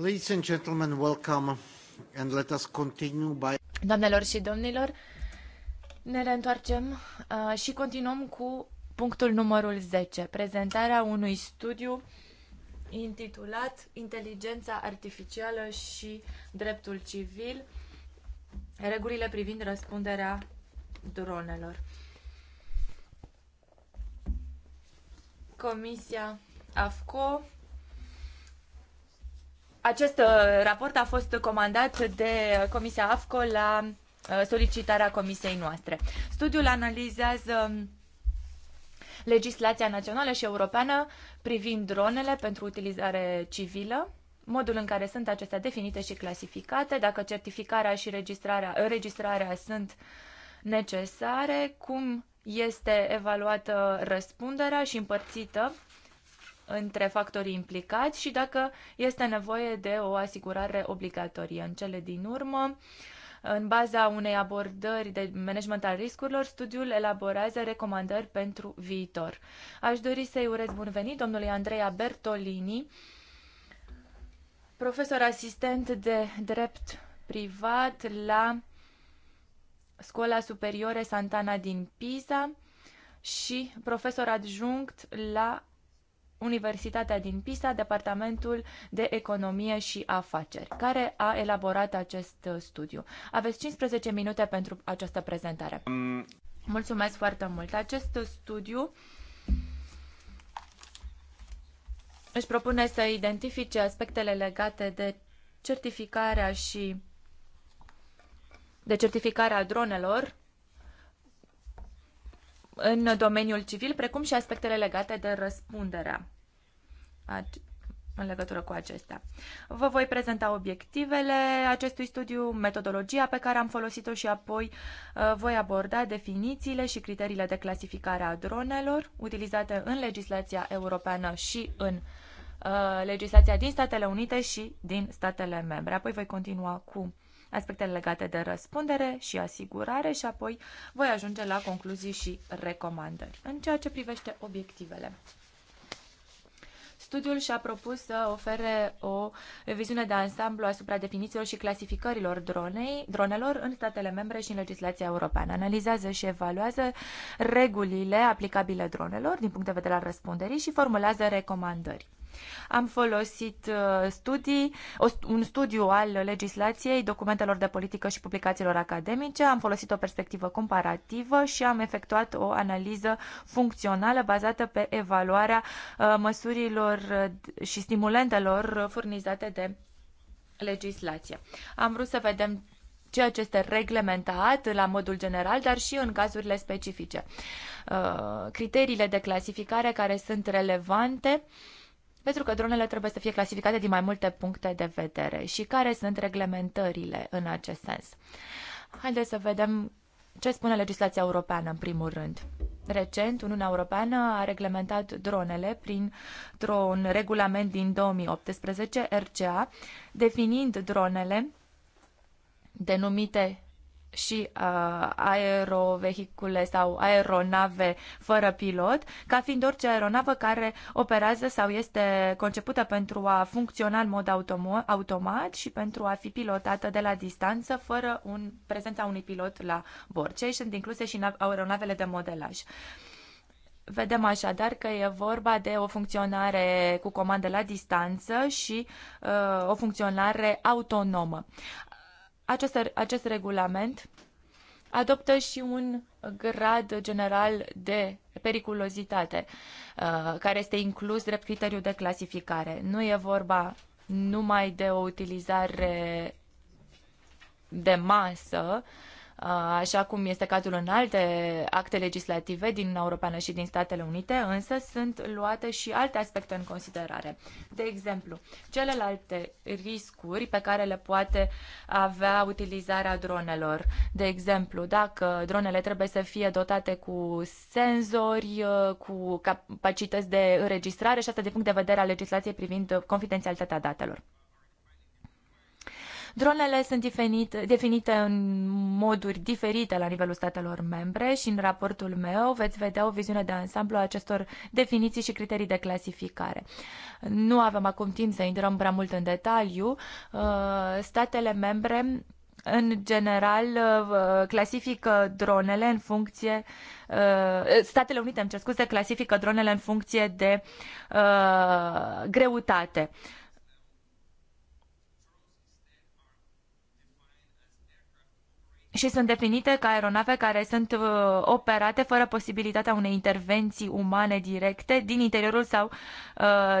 Ladies and gentlemen, welcome and let us continue by... Doamnelor și domnilor, ne reîntoarcem uh, și continuăm cu punctul numărul 10, prezentarea unui studiu intitulat Inteligența artificială și dreptul civil, regulile privind răspunderea dronelor. Comisia AFCO acest uh, raport a fost comandat de Comisia AFCO la uh, solicitarea comisiei noastre. Studiul analizează um, legislația națională și europeană privind dronele pentru utilizare civilă, modul în care sunt acestea definite și clasificate, dacă certificarea și registrarea, înregistrarea sunt necesare, cum este evaluată răspunderea și împărțită între factorii implicați și dacă este nevoie de o asigurare obligatorie. În cele din urmă, în baza unei abordări de management al riscurilor, studiul elaborează recomandări pentru viitor. Aș dori să-i urez bun venit domnului Andreea Bertolini, profesor asistent de drept privat la Școala Superioare Santana din Pisa și profesor adjunct la Universitatea din Pisa, Departamentul de Economie și Afaceri, care a elaborat acest uh, studiu. Aveți 15 minute pentru această prezentare. Mulțumesc foarte mult. Acest uh, studiu își propune să identifice aspectele legate de certificarea și de certificarea dronelor în domeniul civil, precum și aspectele legate de răspunderea în legătură cu acestea. Vă voi prezenta obiectivele acestui studiu, metodologia pe care am folosit-o și apoi uh, voi aborda definițiile și criteriile de clasificare a dronelor utilizate în legislația europeană și în uh, legislația din Statele Unite și din statele membre. Apoi voi continua cu aspectele legate de răspundere și asigurare și apoi voi ajunge la concluzii și recomandări. În ceea ce privește obiectivele, Studiul și-a propus să ofere o viziune de ansamblu asupra definițiilor și clasificărilor dronei, dronelor în statele membre și în legislația europeană. Analizează și evaluează regulile aplicabile dronelor din punct de vedere al răspunderii și formulează recomandări. Am folosit uh, studii, un studiu al legislației, documentelor de politică și publicațiilor academice, am folosit o perspectivă comparativă și am efectuat o analiză funcțională bazată pe evaluarea uh, măsurilor uh, și stimulentelor furnizate de legislație. Am vrut să vedem ceea ce este reglementat la modul general, dar și în cazurile specifice. Criteriile de clasificare care sunt relevante uh, pentru că dronele trebuie să fie clasificate din mai multe puncte de vedere și care sunt reglementările în acest sens. Haideți să vedem ce spune legislația europeană, în primul rând. Recent, Uniunea Europeană a reglementat dronele printr-un regulament din 2018, RCA, definind dronele denumite și uh, aerovehicule sau aeronave fără pilot, ca fiind orice aeronavă care operează sau este concepută pentru a funcționa în mod automat și pentru a fi pilotată de la distanță fără un, prezența unui pilot la bord. Cei sunt incluse și aeronavele de modelaj. Vedem așadar că e vorba de o funcționare cu comandă la distanță și uh, o funcționare autonomă. Acest, acest regulament adoptă și un grad general de periculozitate, uh, care este inclus drept criteriu de clasificare. Nu e vorba numai de o utilizare de masă, uh, așa cum este cazul în alte acte legislative din Europeană și din Statele Unite, însă sunt luate și alte aspecte în considerare. De exemplu, celelalte riscuri pe care le poate avea utilizarea dronelor. De exemplu, dacă dronele trebuie să fie dotate cu senzori, cu capacități de înregistrare și asta din punct de vedere al legislației privind confidențialitatea datelor. Dronele sunt definite, definite în moduri diferite la nivelul statelor membre și în raportul meu veți vedea o viziune de ansamblu a acestor definiții și criterii de clasificare. Nu avem acum timp să intrăm prea mult în detaliu. Uh, statele membre în general uh, clasifică dronele în funcție uh, Statele Unite, îmi cer scuze, clasifică dronele în funcție de uh, greutate. Uh, și sunt definite ca aeronave care sunt uh, operate fără posibilitatea unei intervenții umane directe din interiorul sau uh,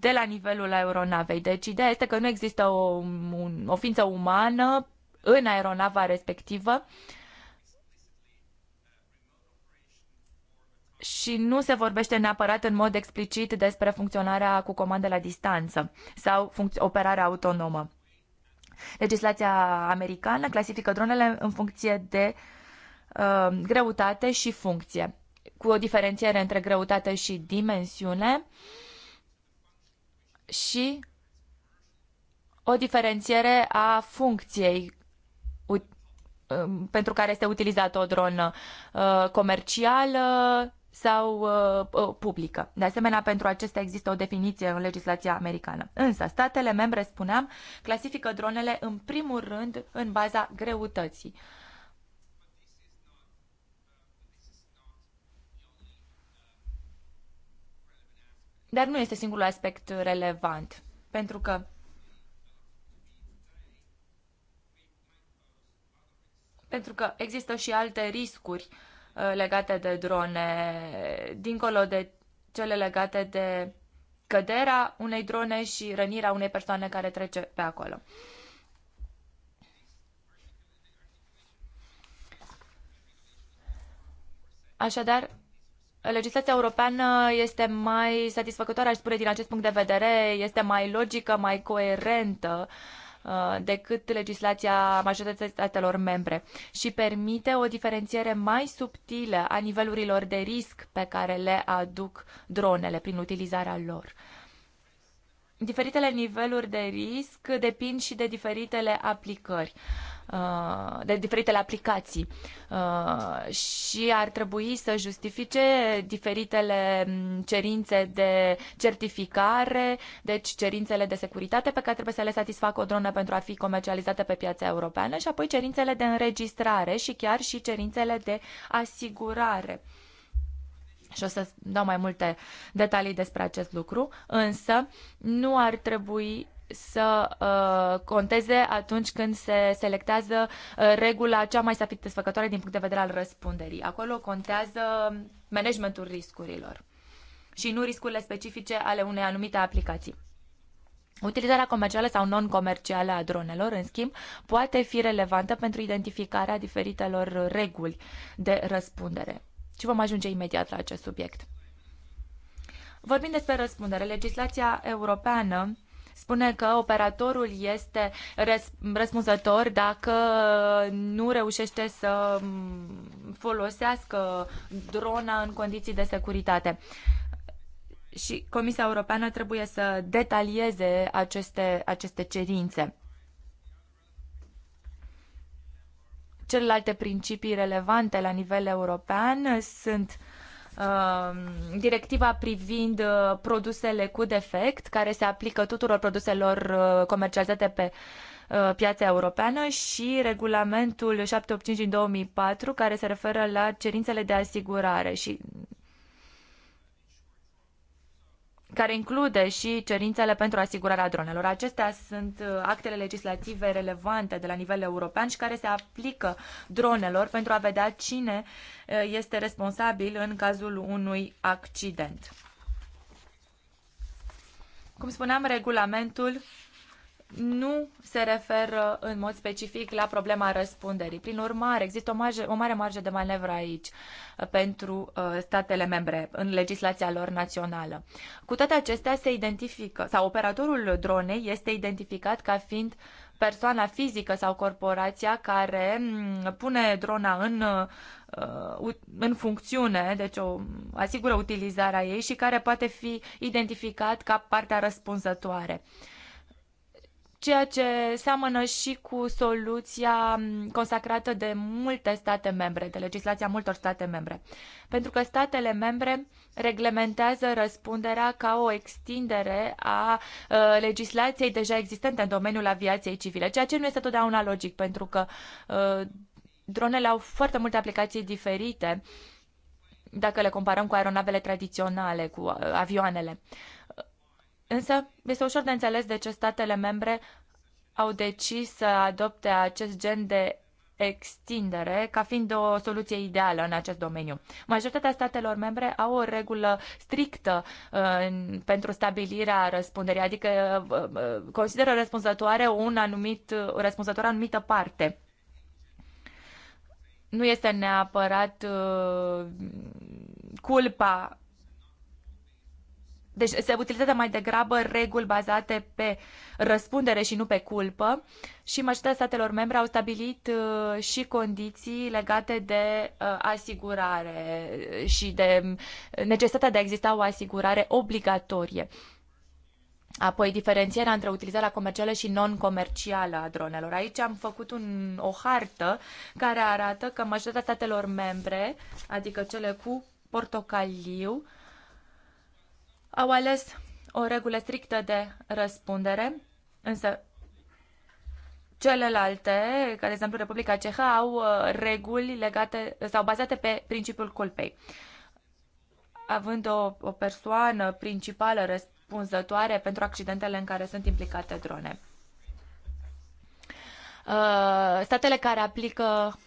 de la nivelul aeronavei. Deci ideea este că nu există o, un, o ființă umană în aeronava respectivă și nu se vorbește neapărat în mod explicit despre funcționarea cu comandă la distanță sau operarea autonomă. Legislația americană clasifică dronele în funcție de uh, greutate și funcție, cu o diferențiere între greutate și dimensiune și o diferențiere a funcției um, pentru care este utilizată o dronă uh, comercială, sau uh, uh, publică. De asemenea, pentru acestea există o definiție în legislația americană. Însă, statele membre, spuneam, clasifică dronele în primul rând în baza greutății. Dar nu este singurul aspect relevant, pentru că pentru că există și alte riscuri uh, Uh, legate de drone, dincolo de cele legate de căderea unei drone și rănirea unei persoane care trece pe acolo. Așadar, legislația europeană este mai satisfăcătoare, aș spune, din acest punct de vedere, este mai logică, mai coerentă uh, Uh, decât legislația majorității statelor membre și permite o diferențiere mai subtilă a nivelurilor de risc pe care le aduc dronele prin utilizarea lor. Diferitele niveluri de risc depind și de diferitele aplicări. Uh, de diferitele aplicații uh, și ar trebui să justifice diferitele mm, cerințe de certificare, deci cerințele de securitate pe care trebuie să le satisfacă o dronă pentru a fi comercializată pe piața europeană și apoi cerințele de înregistrare și chiar și cerințele de asigurare. Și o să dau mai multe detalii despre acest lucru, însă nu ar trebui să uh, conteze atunci când se selectează uh, regula cea mai satisfăcătoare din punct de vedere al răspunderii. Acolo contează managementul riscurilor și nu riscurile specifice ale unei anumite aplicații. Utilizarea comercială sau non-comercială a dronelor, în schimb, poate fi relevantă pentru identificarea diferitelor reguli de răspundere. Și vom ajunge imediat la acest subiect. Vorbind despre răspundere. Legislația europeană spune că operatorul este răspunzător dacă nu reușește să folosească drona în condiții de securitate. Și Comisia Europeană trebuie să detalieze aceste, aceste cerințe. Celelalte principii relevante la nivel european sunt uh, Um, directiva privind uh, produsele cu defect, care se aplică tuturor produselor uh, comercializate pe uh, piața europeană și regulamentul 785 din 2004 care se referă la cerințele de asigurare și care include și cerințele pentru asigurarea dronelor. Acestea sunt uh, actele legislative relevante de la nivel european și care se aplică dronelor pentru a vedea cine uh, este responsabil în cazul unui accident. Cum spuneam, regulamentul nu se referă în mod specific la problema răspunderii. Prin urmare, există o, marge, o mare marge de manevră aici uh, pentru uh, statele membre în legislația lor națională. Cu toate acestea, se identifică sau operatorul dronei este identificat ca fiind persoana fizică sau corporația care mm, pune drona în, uh, în funcțiune, deci o asigură utilizarea ei și care poate fi identificat ca partea răspunzătoare. Uh, ceea ce seamănă și cu soluția consacrată de multe state membre, de legislația multor state membre. Pentru că statele membre reglementează răspunderea ca o extindere a uh, legislației deja existente în domeniul aviației civile, ceea ce nu este totdeauna logic, pentru că uh, dronele au foarte multe aplicații diferite dacă le comparăm cu aeronavele tradiționale, cu uh, avioanele. Uh, Însă este ușor de înțeles de ce statele membre au decis să adopte acest gen de extindere ca fiind o soluție ideală în acest domeniu. Majoritatea statelor membre au o regulă strictă uh, pentru stabilirea răspunderii, adică uh, uh consideră răspunzătoare un anumit, uh, răspunzător anumită parte. Nu este neapărat uh, culpa deci se utilizează mai degrabă reguli bazate pe răspundere și nu pe culpă și majoritatea statelor membre au stabilit uh, și condiții legate de uh, asigurare și de uh, necesitatea de a exista o asigurare obligatorie. Apoi, diferențierea între utilizarea comercială și non-comercială a dronelor. Aici am făcut un, o hartă care arată că majoritatea statelor membre, adică cele cu portocaliu, uh, au ales o regulă strictă de răspundere, însă celelalte, ca de exemplu Republica Cehă, au uh, reguli legate sau bazate pe principiul culpei. Având o, o persoană principală răspunzătoare pentru accidentele în care sunt implicate drone. Uh, statele care aplică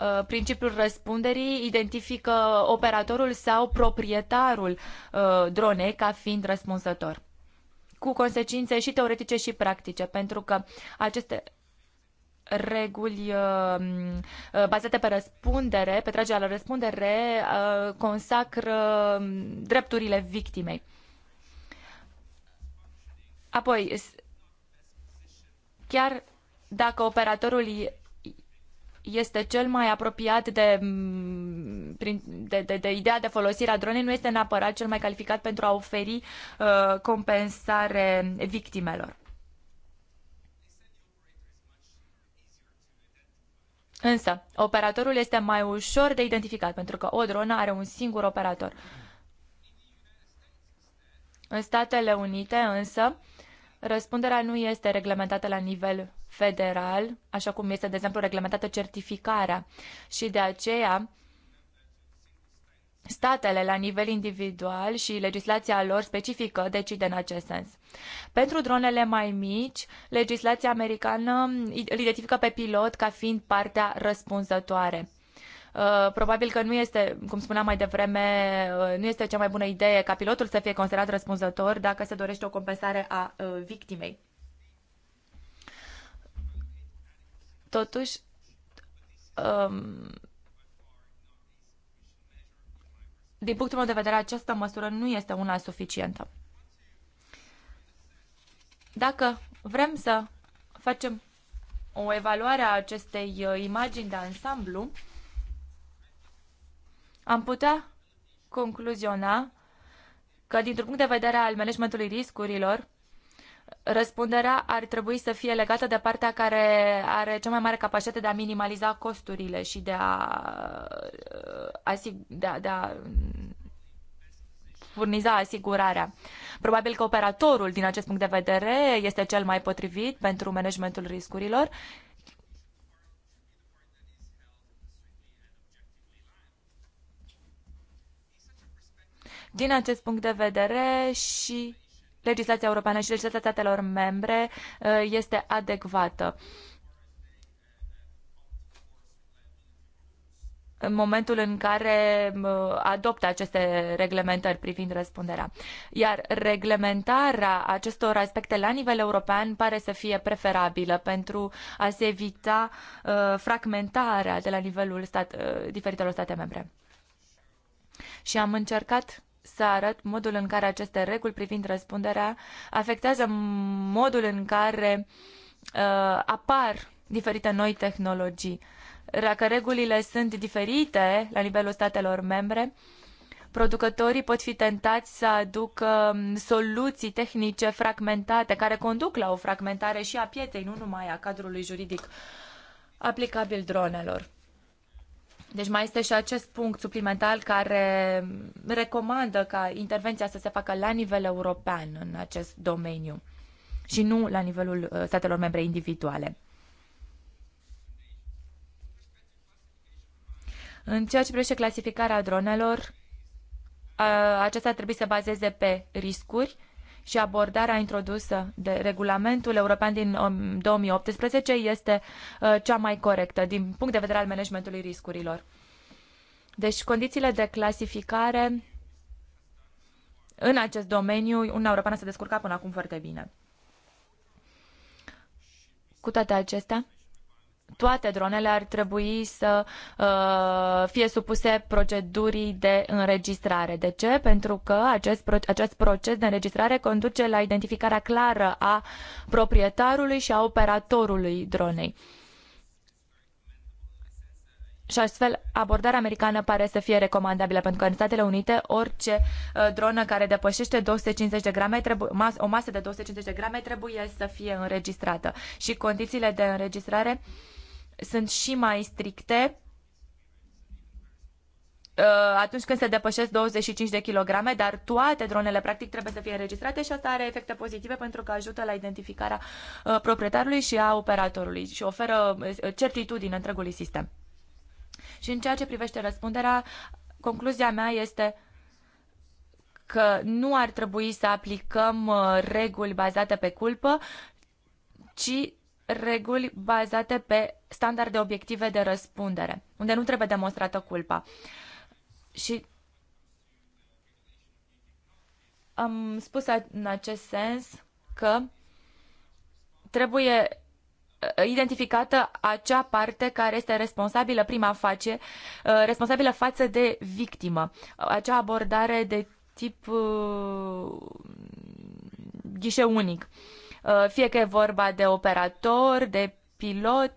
Uh, principiul răspunderii identifică operatorul sau proprietarul uh, dronei ca fiind răspunzător cu consecințe și teoretice și practice, pentru că aceste reguli uh, bazate pe răspundere, pe tragerea la răspundere, consacră um, drepturile victimei. Apoi, chiar dacă operatorul este cel mai apropiat de, mm, de, de, de ideea de folosire a dronei, nu este neapărat cel mai calificat pentru a oferi uh, compensare victimelor. Însă, operatorul este mai ușor de identificat, pentru că o dronă are un singur operator. În Statele Unite, însă, Răspunderea nu este reglementată la nivel federal, așa cum este, de exemplu, reglementată certificarea și de aceea statele la nivel individual și legislația lor specifică decide în acest sens. Pentru dronele mai mici, legislația americană îl identifică pe pilot ca fiind partea răspunzătoare. Uh, probabil că nu este, cum spuneam mai devreme, uh, nu este cea mai bună idee ca pilotul să fie considerat răspunzător dacă se dorește o compensare a uh, victimei. Totuși, um, din punctul meu de vedere, această măsură nu este una suficientă. Dacă vrem să facem o evaluare a acestei imagini de ansamblu, am putea concluziona că, dintr-un punct de vedere al managementului riscurilor, răspunderea ar trebui să fie legată de partea care are cea mai mare capacitate de a minimaliza costurile și de a, uh, de a, de a furniza asigurarea. Probabil că operatorul, din acest punct de vedere, este cel mai potrivit pentru managementul riscurilor Din acest punct de vedere și legislația europeană și legislația statelor membre uh, este adecvată. în momentul în care uh, adoptă aceste reglementări privind răspunderea. Iar reglementarea acestor aspecte la nivel european pare să fie preferabilă pentru a se evita uh, fragmentarea de la nivelul stat, diferitelor state membre. Și am încercat să arăt modul în care aceste reguli privind răspunderea afectează modul în care uh, apar diferite noi tehnologii. Dacă regulile sunt diferite la nivelul statelor membre, producătorii pot fi tentați să aducă um, soluții tehnice fragmentate, care conduc la o fragmentare și a pieței, nu numai a cadrului juridic aplicabil dronelor. Deci mai este și acest punct suplimentar care recomandă ca intervenția să se facă la nivel european în acest domeniu și nu la nivelul uh, statelor membre individuale. În ceea ce privește clasificarea dronelor, uh, acesta trebuie să bazeze pe riscuri și abordarea introdusă de regulamentul european din 2018 um, este uh, cea mai corectă din punct de vedere al managementului riscurilor. Deci condițiile de clasificare în acest domeniu, Uniunea Europeană s-a descurcat până acum foarte bine. Cu toate acestea, toate dronele ar trebui să uh, fie supuse procedurii de înregistrare. De ce? Pentru că acest, acest proces de înregistrare conduce la identificarea clară a proprietarului și a operatorului dronei. Uh, și astfel, abordarea americană pare să fie recomandabilă, pentru că în Statele Unite orice uh, dronă care depășește 250 de grame, trebuie mas- o masă de 250 de grame trebuie să fie înregistrată. Și condițiile de înregistrare sunt și mai stricte uh, atunci când se depășesc 25 de kilograme, dar toate dronele practic trebuie să fie înregistrate și asta are efecte pozitive pentru că ajută la identificarea uh, proprietarului și a operatorului și oferă uh, certitudine întregului sistem. Și în ceea ce privește răspunderea, concluzia mea este că nu ar trebui să aplicăm uh, reguli bazate pe culpă, ci reguli bazate pe standarde obiective de răspundere, unde nu trebuie demonstrată culpa. Și am spus în acest sens că trebuie identificată acea parte care este responsabilă prima face, uh, responsabilă față de victimă. Acea abordare de tip uh, ghișe unic. Uh, fie că e vorba de operator, de pilot.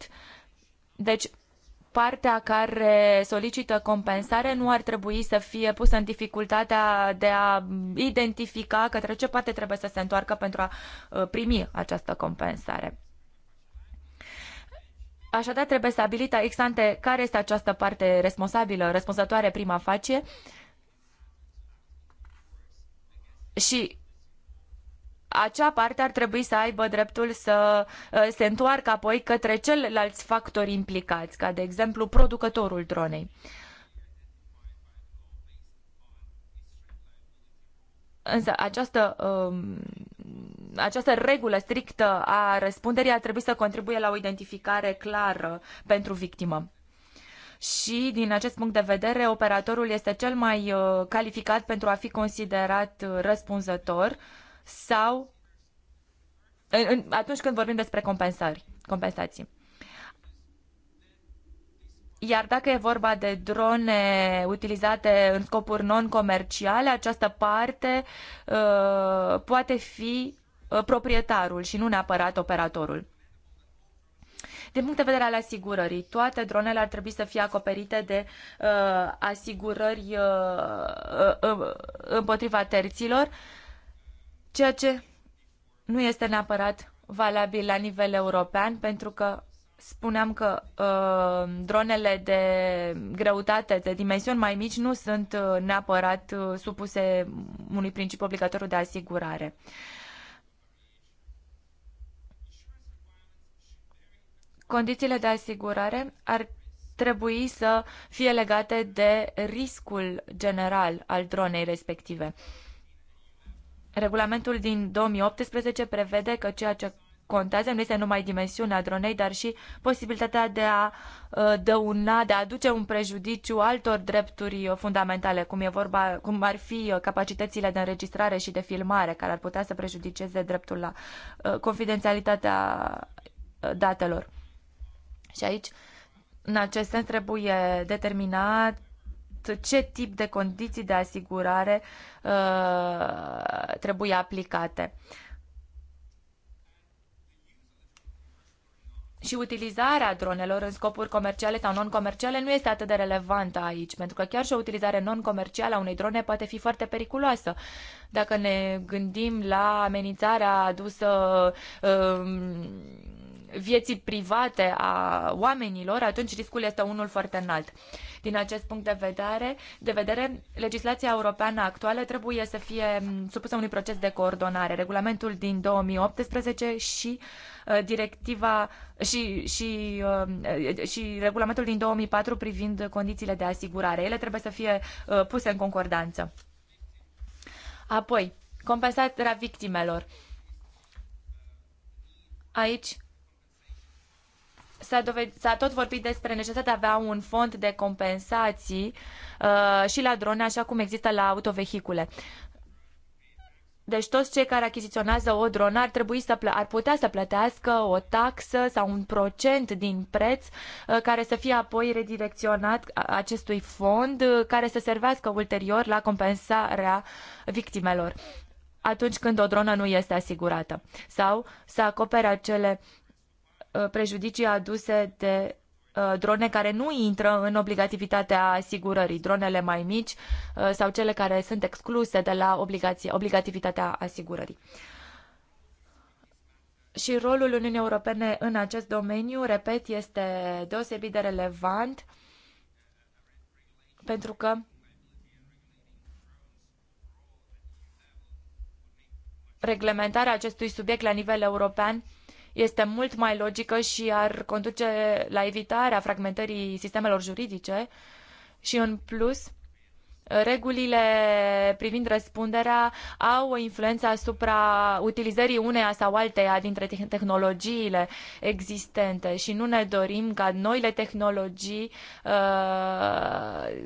Deci, partea care solicită compensare nu ar trebui să fie pusă în dificultatea de a identifica către ce parte trebuie să se întoarcă pentru a primi această compensare. Așadar, trebuie stabilită exante care este această parte responsabilă, răspunzătoare prima facie și acea parte ar trebui să aibă dreptul să uh, se întoarcă apoi către celălalt factori implicați, ca de exemplu producătorul dronei. Însă această, um, această regulă strictă a răspunderii ar trebui să contribuie la o identificare clară pentru victimă și din acest punct de vedere operatorul este cel mai uh, calificat pentru a fi considerat răspunzător sau atunci când vorbim despre compensări, compensații. Iar dacă e vorba de drone utilizate în scopuri non-comerciale, această parte uh, poate fi uh, proprietarul și nu neapărat operatorul. Din punct de vedere al asigurării, toate dronele ar trebui să fie acoperite de uh, asigurări uh, uh, uh împotriva terților, ceea ce nu este neapărat valabil la nivel european, pentru că spuneam că uh, dronele de greutate, de dimensiuni mai mici, nu sunt uh, neapărat uh, supuse unui principiu obligatoriu de asigurare. Condițiile de asigurare ar trebui să fie legate de riscul general al dronei respective. Regulamentul din 2018 prevede că ceea ce contează nu este numai dimensiunea dronei, dar și posibilitatea de a uh, dăuna, de a aduce un prejudiciu altor drepturi uh, fundamentale, cum, e vorba, cum ar fi uh, capacitățile de înregistrare și de filmare, care ar putea să prejudiceze dreptul la confidențialitatea datelor. Și aici, în acest sens, trebuie determinat ce tip de condiții de asigurare uh, trebuie aplicate. Uh, și utilizarea dronelor în scopuri comerciale sau non-comerciale nu este atât de relevantă aici, pentru că chiar și o utilizare non-comercială a unei drone poate fi foarte periculoasă. Dacă ne gândim la amenințarea adusă um, vieții private a oamenilor, atunci riscul este unul foarte înalt. Din acest punct de vedere, de vedere legislația europeană actuală trebuie să fie supusă unui proces de coordonare. Regulamentul din 2018 și uh, directiva și, și, um, și regulamentul din 2004 privind condițiile de asigurare. Ele trebuie să fie uh, puse în concordanță. Apoi, compensarea victimelor. Aici S-a, doved- s-a tot vorbit despre necesitatea de a avea un fond de compensații uh, și la drone, așa cum există la autovehicule. Deci toți cei care achiziționează o dronă ar, trebui să ar putea să plătească o taxă sau un procent din preț uh, care să fie apoi redirecționat acestui fond uh, care să servească ulterior la compensarea victimelor atunci când o dronă nu este asigurată sau să acopere acele Uh, prejudicii aduse de uh, drone care nu intră în obligativitatea asigurării, dronele mai mici uh, sau cele care sunt excluse de la obligație, obligativitatea asigurării. Și rolul Uniunii Europene în acest domeniu, repet, este deosebit de relevant pentru că reglementarea acestui subiect la nivel european este mult mai logică și ar conduce la evitarea fragmentării sistemelor juridice și, în plus, regulile privind răspunderea au o influență asupra utilizării uneia sau alteia dintre tehnologiile existente și nu ne dorim ca noile tehnologii uh,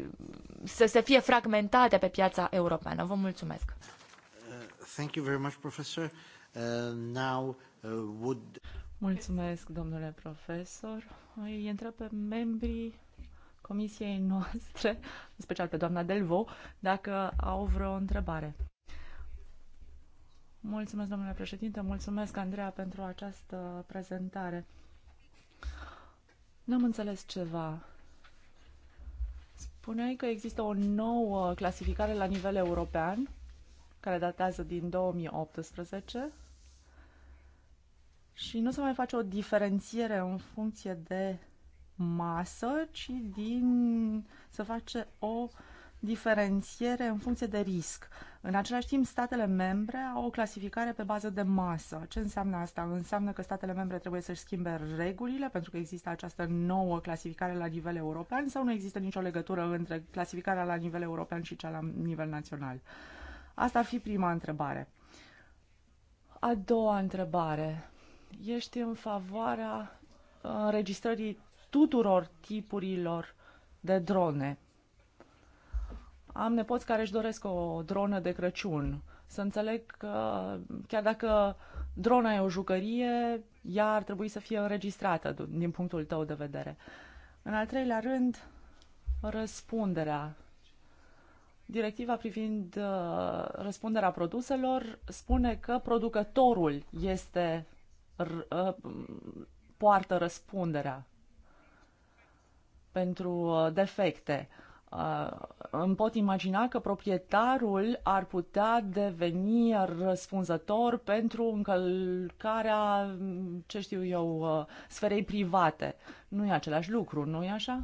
să se fie fragmentate pe piața europeană. Vă mulțumesc! Thank you very much, Professor. Uh, now, uh, would... Mulțumesc, domnule profesor. Îi întreb pe membrii comisiei noastre, în special pe doamna Delvo, dacă au vreo întrebare. Mulțumesc, domnule președinte, mulțumesc, Andreea, pentru această prezentare. N-am înțeles ceva. Spuneai că există o nouă clasificare la nivel european care datează din 2018 și nu se mai face o diferențiere în funcție de masă, ci din se face o diferențiere în funcție de risc. În același timp, statele membre au o clasificare pe bază de masă. Ce înseamnă asta? Înseamnă că statele membre trebuie să-și schimbe regulile pentru că există această nouă clasificare la nivel european sau nu există nicio legătură între clasificarea la nivel european și cea la nivel național. Uh, Asta ar fi prima întrebare. A doua întrebare. Ești în favoarea uh, înregistrării tuturor tipurilor de drone? Am nepoți care își doresc o dronă de Crăciun. Să înțeleg că chiar dacă drona e o jucărie, ea ar trebui să fie înregistrată din punctul tău de vedere. În al treilea rând, răspunderea Directiva privind uh, răspunderea produselor spune că producătorul este uh, poartă răspunderea pentru uh, defecte. Îmi pot imagina că proprietarul ar putea deveni răspunzător pentru încălcarea, ce știu eu, sferei private. Nu e același lucru, nu e așa?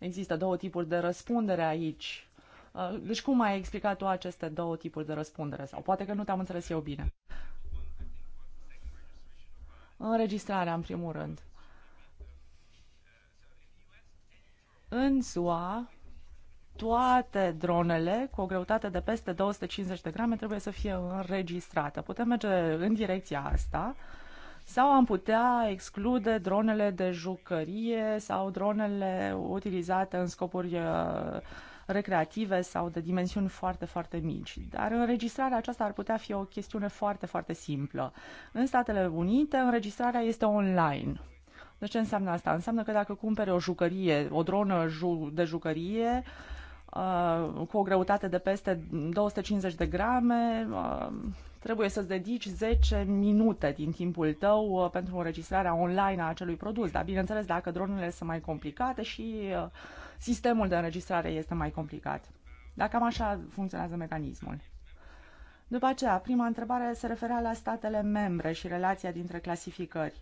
Există două tipuri de răspundere aici. Uh, deci cum ai explicat tu aceste două tipuri de răspundere? Sau poate că nu te-am înțeles eu bine. Înregistrarea, în primul rând. În SUA, toate dronele cu o greutate de peste 250 de grame trebuie să fie înregistrate. Putem merge în direcția asta. Uh, sau am putea exclude dronele de jucărie sau dronele utilizate în scopuri uh, recreative sau de dimensiuni foarte, foarte mici. Dar înregistrarea aceasta ar putea fi o chestiune foarte, foarte simplă. În Statele Unite, înregistrarea este online. Deci ce înseamnă asta? Înseamnă că dacă cumpere o jucărie, o dronă de jucărie, uh, cu o greutate de peste 250 de grame, uh, trebuie să-ți dedici 10 minute din timpul tău uh, pentru înregistrarea online a acelui produs. Dar, bineînțeles, dacă dronurile sunt mai complicate și uh, sistemul de înregistrare este mai complicat. Dar cam așa funcționează mecanismul. După aceea, prima întrebare se referea la statele membre și relația dintre clasificări.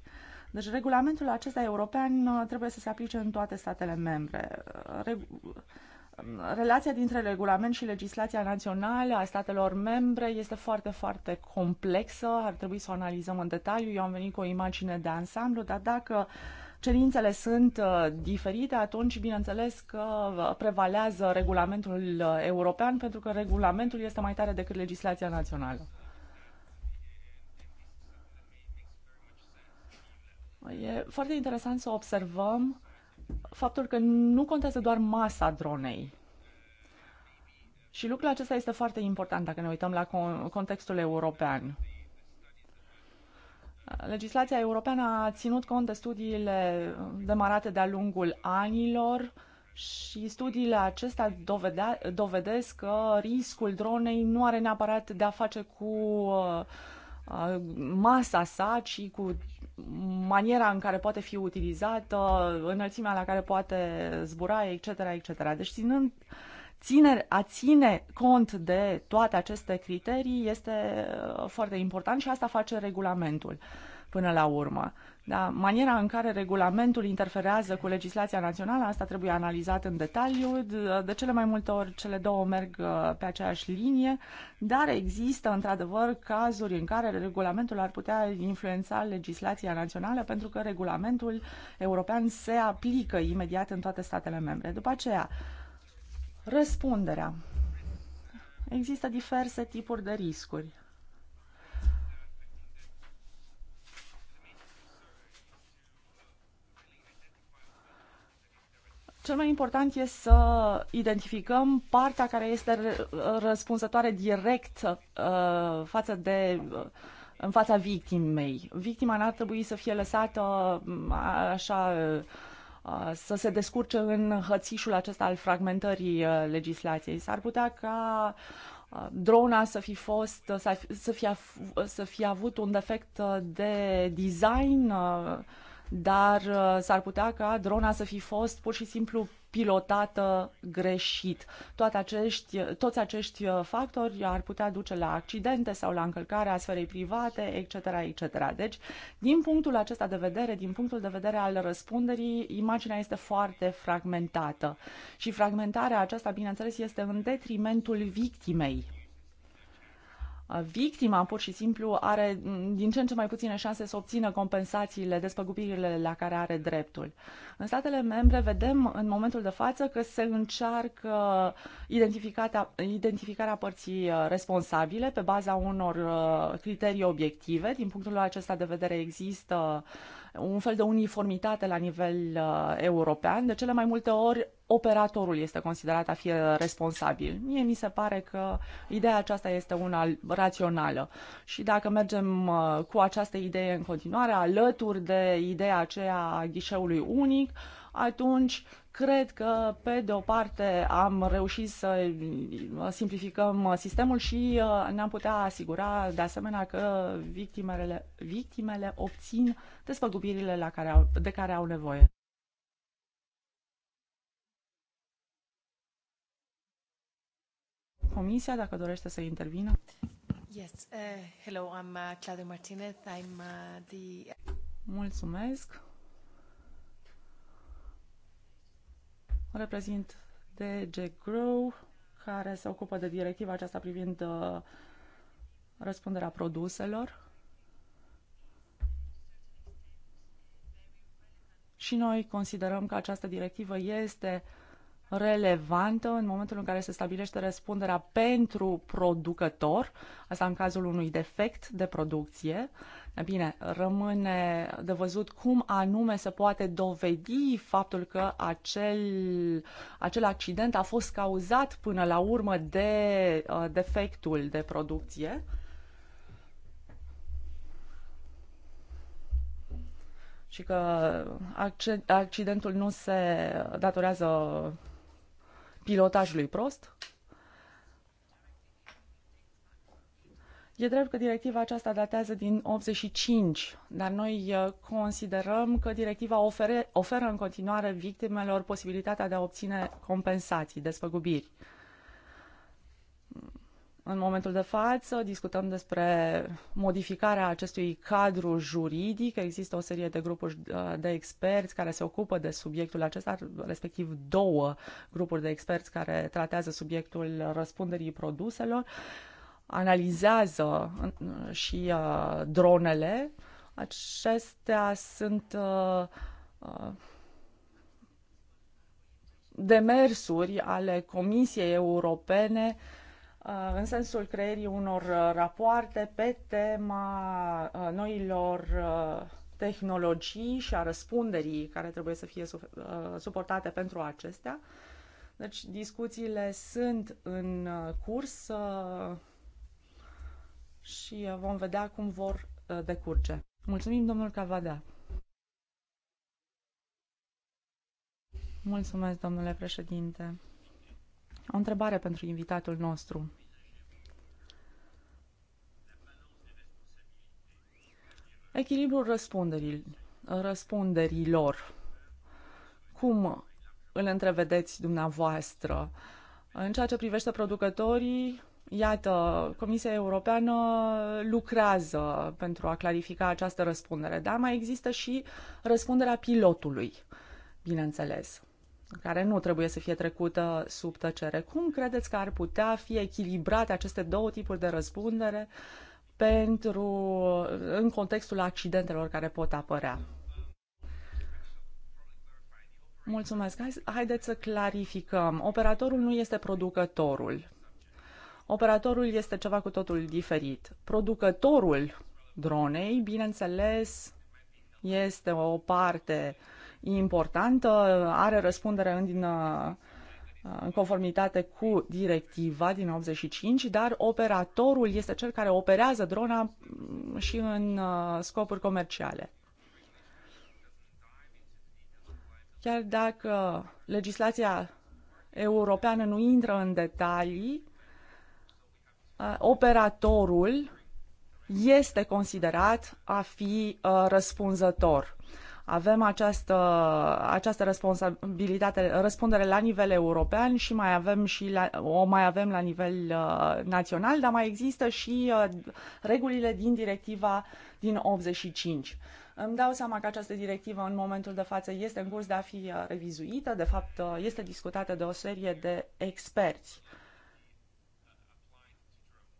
Deci regulamentul acesta european uh, trebuie să se aplice în toate statele membre relația dintre regulament și legislația națională a statelor membre este foarte, foarte complexă. Ar trebui să o analizăm în detaliu. Eu am venit cu o imagine de ansamblu, dar dacă cerințele sunt uh, diferite, atunci, bineînțeles, că uh, prevalează regulamentul uh, european, pentru că regulamentul este mai tare decât legislația națională. E foarte interesant să observăm faptul că nu contează doar masa dronei. Și lucrul acesta este foarte important dacă ne uităm la contextul european. Legislația europeană a ținut cont de studiile demarate de-a lungul anilor și studiile acestea dovedea, dovedesc că riscul dronei nu are neapărat de a face cu uh, uh, masa sa, ci cu maniera în care poate fi utilizată, înălțimea la care poate zbura, etc., etc. Deci ținând ține, a ține cont de toate aceste criterii este uh, foarte important și asta face regulamentul până la urmă. Da, maniera în care regulamentul interferează cu legislația națională, asta trebuie analizat în detaliu. De cele mai multe ori cele două merg uh, pe aceeași linie, dar există într-adevăr cazuri în care regulamentul ar putea influența legislația națională pentru că regulamentul european se aplică imediat în toate statele membre. După aceea, Răspunderea. Există diverse tipuri de riscuri. cel mai important este să identificăm partea care este răspunsătoare direct uh, față de uh, în fața victimei. Victima n-ar trebui să fie lăsată uh, așa uh, Uh, să se descurce în hățișul acesta al fragmentării uh, legislației. S-ar putea ca uh, drona să fi fost, să fi, să fi avut un defect de design, dar s-ar putea ca drona să fi fost pur și simplu pilotată greșit. Toate acești, toți acești factori ar putea duce la accidente sau la încălcarea sferei private, etc., etc. Deci, din punctul acesta de vedere, din punctul de vedere al răspunderii, imaginea este foarte fragmentată. Și fragmentarea aceasta, bineînțeles, este în detrimentul victimei victima pur și simplu are din ce în ce mai puține șanse să obțină compensațiile, despăgubirile la care are dreptul. În statele membre vedem în momentul de față că se încearcă identificarea, identificarea părții uh, responsabile pe baza unor uh, criterii obiective. Din punctul acesta de vedere există uh, un fel de uniformitate la nivel uh, european. De cele mai multe ori, operatorul este considerat a fi responsabil. Mie mi se pare că ideea aceasta este una rațională și dacă mergem uh, cu această idee în continuare, alături de ideea aceea a ghișeului unic, uh, atunci cred că, pe de o parte, am reușit să simplificăm sistemul și uh, ne-am putea asigura, de asemenea, că victimele, victimele obțin despăgubirile la care au, de care au nevoie. Comisia, dacă dorește să intervină. Yes. Uh, hello, I'm uh, Claudia Martinez. I'm uh, the... Mulțumesc. Reprezint DG Grow, care se ocupă de directiva aceasta privind uh, răspunderea produselor. Și noi considerăm că această directivă este relevantă în momentul în care se stabilește răspunderea pentru producător, asta în cazul unui defect de producție, uh, Bine, rămâne de văzut cum anume se poate dovedi faptul că acel, acel accident a fost cauzat până la urmă de uh, defectul de producție. Și că accidentul nu se datorează pilotajului prost. E drept că directiva aceasta datează din 85, dar noi uh, considerăm că directiva ofere, oferă în continuare victimelor posibilitatea de a obține compensații, desfăgubiri. Mm. În momentul de față discutăm despre modificarea acestui cadru juridic. Există o serie de grupuri uh, de experți care se ocupă de subiectul acesta, respectiv două grupuri de experți care tratează subiectul răspunderii produselor analizează și uh, dronele, acestea sunt uh, uh, demersuri ale Comisiei Europene în sensul creierii unor rapoarte pe tema noilor tehnologii și a răspunderii care trebuie să fie suportate pentru acestea. Deci discuțiile sunt în curs și uh, vom vedea cum vor uh, decurge. Mulțumim, domnul Cavada. Mulțumesc, domnule președinte. O întrebare pentru invitatul nostru. Echilibrul răspunderii, răspunderilor. Cum îl întrevedeți dumneavoastră? În ceea ce privește producătorii, Iată, Comisia Europeană lucrează pentru a clarifica această răspundere, dar mai există și răspunderea pilotului, bineînțeles, care nu trebuie să fie trecută sub tăcere. Cum credeți că ar putea fi echilibrate aceste două tipuri de răspundere pentru, în contextul accidentelor care pot apărea? Mulțumesc. Haideți să clarificăm. Operatorul nu este producătorul Operatorul este ceva cu totul diferit. Producătorul dronei, bineînțeles, este o parte importantă, are răspundere în, uh, în conformitate cu directiva din 85, dar operatorul este cel care operează drona mm, și în uh, scopuri comerciale. Chiar dacă legislația europeană nu intră în detalii, Uh, operatorul este considerat a fi uh, răspunzător. Avem această, această responsabilitate, răspundere la nivel european și mai avem și la, o mai avem la nivel uh, național, dar mai există și uh, regulile din directiva din 85. Îmi dau seama că această directivă în momentul de față este în curs de a fi uh, revizuită, de fapt uh, este discutată de o serie de experți. Uh,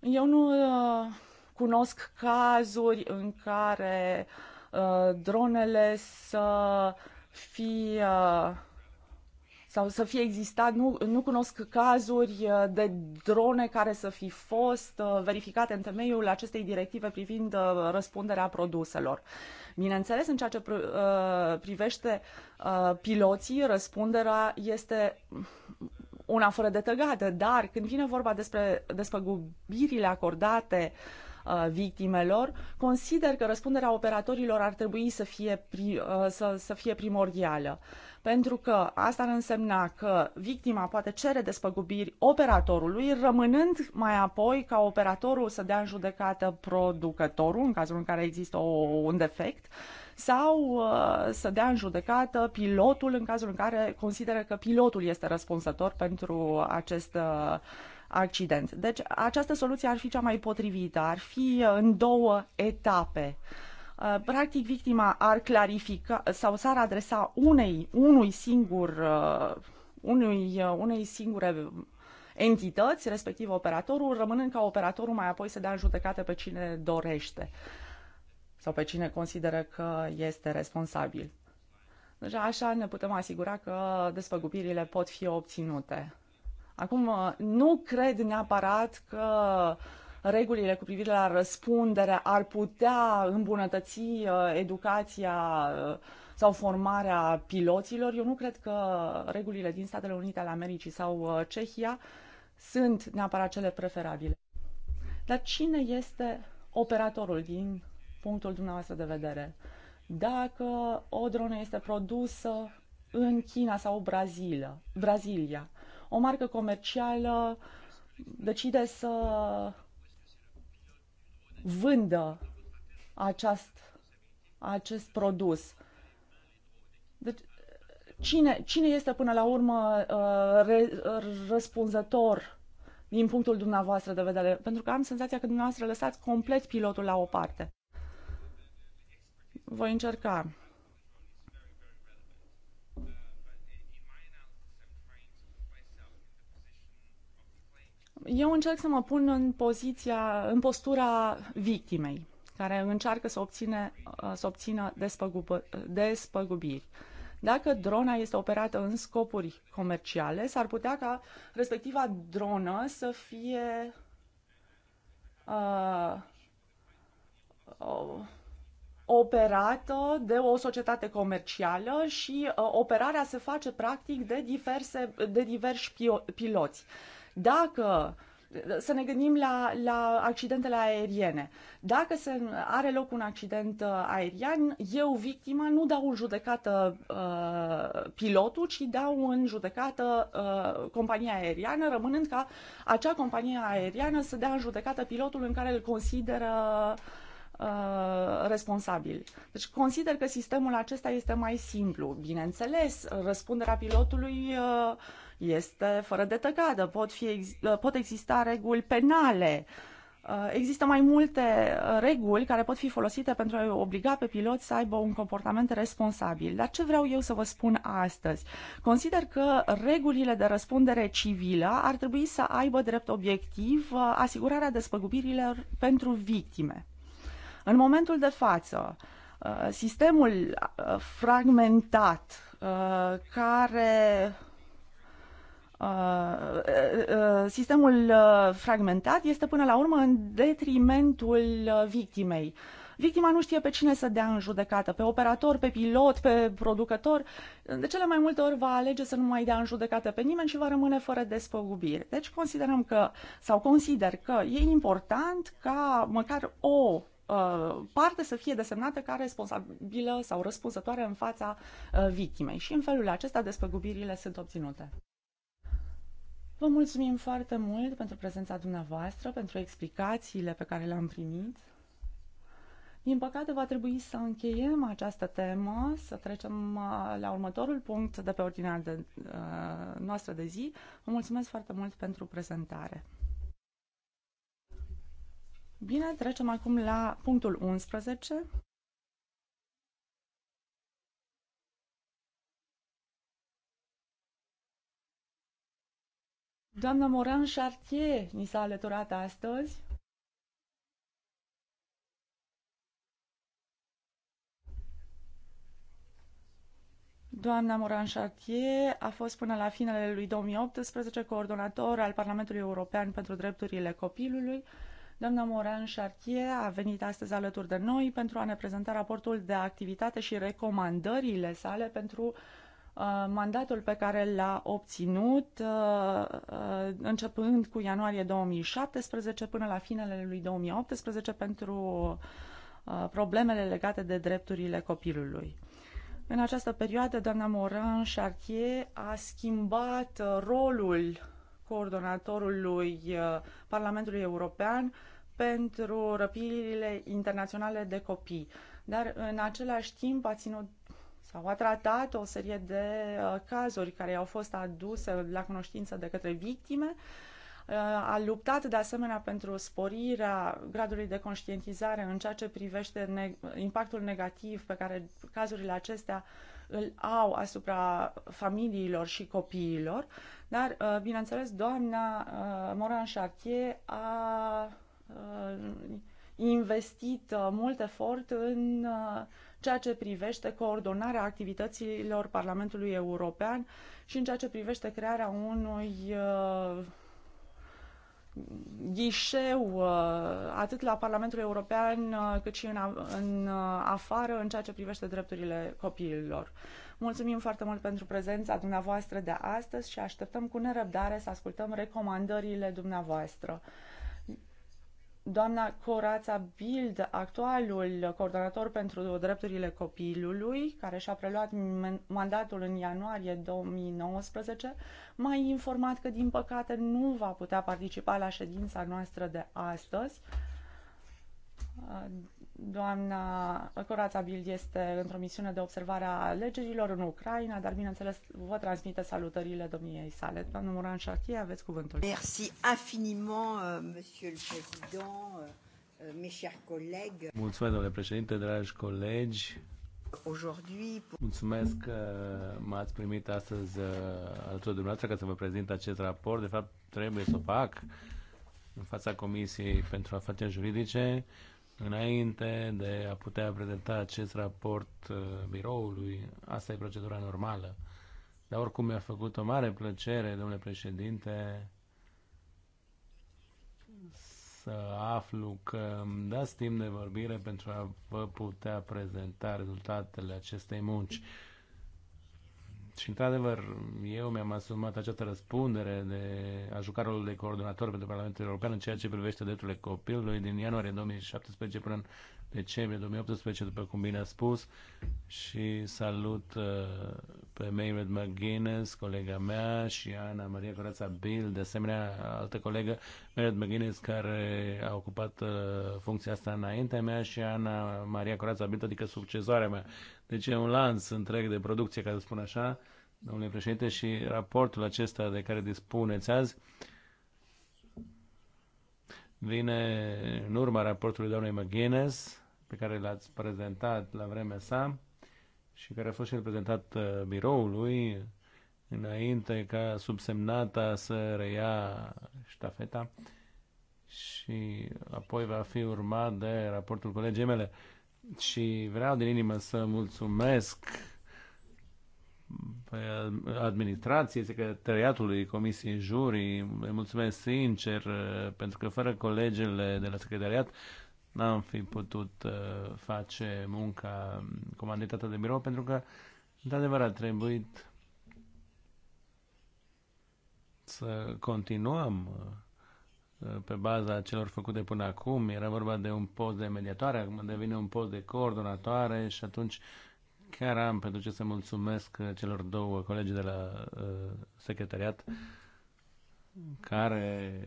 eu nu uh, cunosc cazuri în care uh, dronele să fie uh, sau să fie existat, nu, nu cunosc cazuri de drone care să fi fost verificate în temeiul acestei directive privind răspunderea produselor. Bineînțeles, în ceea ce privește piloții, răspunderea este una fără de tăgată, dar când vine vorba despre despăgubirile acordate uh, Uh, victimelor, consider că răspunderea operatorilor ar trebui să fie, pri, uh, să, să fie primordială. Pentru că asta ar însemna că victima poate cere despăgubiri operatorului, rămânând mai apoi ca operatorul să dea în judecată producătorul, în cazul în care există o, un defect, sau uh, să dea în judecată pilotul în cazul în care consideră că pilotul este răspunsător pentru acest uh, accident. Deci această soluție ar fi cea mai potrivită, ar fi uh, în două etape. Uh, practic, victima ar clarifica sau s-ar adresa unei, unui singur, uh, unui, unei singure entități, respectiv operatorul, rămânând ca operatorul mai apoi să dea în judecată pe cine dorește sau pe cine consideră că este responsabil. Deci așa ne putem asigura că despăgubirile pot fi obținute. Acum, uh, nu cred neapărat că regulile cu privire la răspundere ar putea îmbunătăți uh, educația uh, sau formarea piloților. Eu nu cred că regulile din Statele Unite ale Americii sau Cehia sunt neapărat cele preferabile. Dar cine este operatorul din punctul dumneavoastră de vedere? Dacă o dronă este produsă în China sau Brazilia, Brazilia o marcă comercială decide să vândă aceast, acest produs. Deci, cine, cine este până la urmă uh, re, răspunzător din punctul dumneavoastră de vedere? Pentru că am senzația că dumneavoastră lăsați complet pilotul la o parte. Voi încerca. Eu încerc să mă pun în poziția, în postura victimei, care încearcă să, obține, uh, să obțină despăgubiri. Dacă drona este operată în scopuri comerciale, s-ar putea ca respectiva dronă să fie uh, uh, operată de o societate comercială și uh, operarea se face practic de, diverse, de diversi piloți. Uh, dacă să ne gândim la, la accidentele aeriene. Dacă se are loc un accident uh, aerian, eu, victima, nu dau în judecată uh, pilotul, ci dau în judecată uh, compania aeriană, rămânând ca acea companie aeriană să dea în judecată pilotul în care îl consideră uh, responsabil. Deci consider că sistemul acesta este mai simplu. Bineînțeles, răspunderea pilotului uh, este fără de tăgadă. Pot, fi, uh, pot exista reguli penale. Uh, există mai multe uh, reguli care pot fi folosite pentru a obliga pe pilot să aibă un comportament responsabil. Dar ce vreau eu să vă spun astăzi? Consider că regulile de răspundere civilă ar trebui să aibă drept obiectiv asigurarea despăgubirilor pentru victime. În momentul de față, sistemul fragmentat care Uh, uh, sistemul uh, fragmentat este până la urmă în detrimentul victimei. Victima nu știe pe cine să dea în judecată, pe operator, pe pilot, pe producător. De cele mai multe ori va alege să nu mai dea în judecată pe nimeni și va rămâne fără despăgubiri. Deci considerăm că, sau consider că e important ca măcar o parte să fie desemnată ca responsabilă sau răspunzătoare în fața victimei și în felul acesta despăgubirile sunt obținute. Vă mulțumim foarte mult pentru prezența dumneavoastră, pentru explicațiile pe care le-am primit. Din păcate, va trebui să încheiem această temă, să trecem uh, la următorul punct de pe ordinea de, uh, noastră de zi. Vă mulțumesc foarte mult pentru prezentare. Bine, trecem acum la punctul 11. Doamna Moran Chartier ni s-a alăturat astăzi. Doamna Moran Chartier a fost până la finele lui 2018 coordonator al Parlamentului European pentru Drepturile Copilului. Doamna Moran Chartier a venit astăzi alături de noi pentru a ne prezenta raportul de activitate și recomandările sale pentru uh, Uh, mandatul pe care l-a obținut uh, uh, începând cu ianuarie 2017 până la finele lui 2018 pentru problemele legate de drepturile copilului. În această perioadă, doamna Moran Chartier a schimbat rolul coordonatorului Parlamentului European pentru răpirile internaționale de copii. Dar în același timp a ținut sau a tratat o serie de uh, cazuri care au fost aduse la cunoștință de către victime, uh, a luptat de asemenea pentru sporirea gradului de conștientizare în ceea ce privește ne- impactul negativ pe care cazurile acestea îl au asupra familiilor și copiilor, dar, uh, bineînțeles, doamna Moran Chartier a investit mult efort în ceea ce privește coordonarea activităților Parlamentului European și în ceea ce privește crearea unui uh, ghișeu uh, atât la Parlamentul European uh, cât și în, în uh, afară în ceea ce privește drepturile copiilor. Mulțumim foarte mult pentru prezența dumneavoastră de astăzi și așteptăm cu nerăbdare să ascultăm recomandările dumneavoastră. Doamna Corața Bild, actualul coordonator pentru drepturile copilului, care și-a preluat mandatul în ianuarie 2019, m-a informat că, din păcate, nu va putea participa la ședința noastră de astăzi, Doamna Corața Bild este într-o misiune de observare a alegerilor în Ucraina, dar bineînțeles vă transmite salutările domniei sale. Doamna Moran Chartier, aveți cuvântul. Merci infiniment, euh, monsieur le président, euh, euh, mes chers collègues. Mulțumesc, domnule președinte, dragi colegi. Mulțumesc că m-ați primit astăzi uh, alături de dumneavoastră ca să vă prezint acest raport. De fapt, trebuie să o fac în fața Comisiei pentru Afaceri Juridice înainte de a putea prezenta acest raport uh, biroului. Asta e procedura normală. Dar oricum mi-a făcut o mare plăcere, domnule președinte, să aflu că îmi dați timp de vorbire pentru a vă putea prezenta rezultatele acestei munci. Mm-hmm. Și, într-adevăr, eu mi-am asumat această răspundere de a juca rolul de coordonator pentru Parlamentul European în ceea ce privește drepturile copilului din ianuarie 2017 până în decembrie 2018, după cum bine a spus, și salut uh, pe Mayred McGuinness, colega mea, și Ana Maria Corața Bill, de asemenea altă colegă, Mayred McGuinness, care a ocupat uh, funcția asta înaintea mea și Ana Maria Corața Bill, adică succesoarea mea. Deci e un lanț întreg de producție, ca să spun așa, domnule președinte, și raportul acesta de care dispuneți azi vine în urma raportului doamnei McGuinness, pe care l-ați prezentat la vremea sa și care a fost și prezentat uh, biroului înainte ca subsemnata să reia ștafeta și apoi va fi urmat de raportul colegii mele și vreau din inimă să mulțumesc administrației, secretariatului Comisiei Jurii. Îi mulțumesc sincer pentru că fără colegele de la secretariat n-am fi putut uh, face munca comanditată de birou pentru că într-adevăr a trebuit să continuăm uh, pe baza celor făcute până acum. Era vorba de un post de mediatoare, acum devine un post de coordonatoare și atunci chiar am pentru ce să mulțumesc celor două colegi de la uh, secretariat care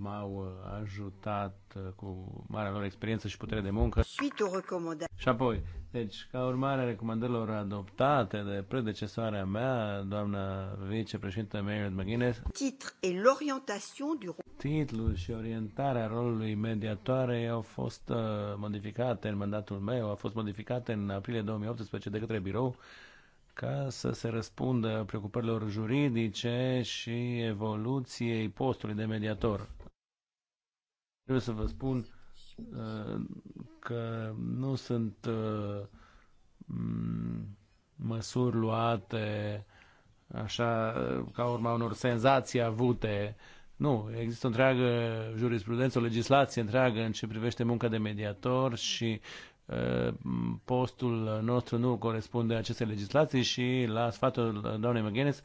m-au ajutat uh, cu marea lor experiență și putere de muncă. Și apoi, deci, ca urmare a recomandărilor adoptate de predecesoarea mea, doamna vicepreședintă Mayred McGuinness, du... titlul și orientarea rolului mediatoare au fost uh, modificate în mandatul meu, au fost modificate în aprilie 2018 de către birou ca să se răspundă preocupărilor juridice și evoluției postului de mediator. Trebuie să vă spun că nu sunt uh, măsuri luate așa uh, ca urma unor senzații avute. Nu, există o întreagă jurisprudență, o legislație întreagă în ce privește munca de mediator și uh, postul nostru nu corespunde acestei legislații și la sfatul doamnei McGuinness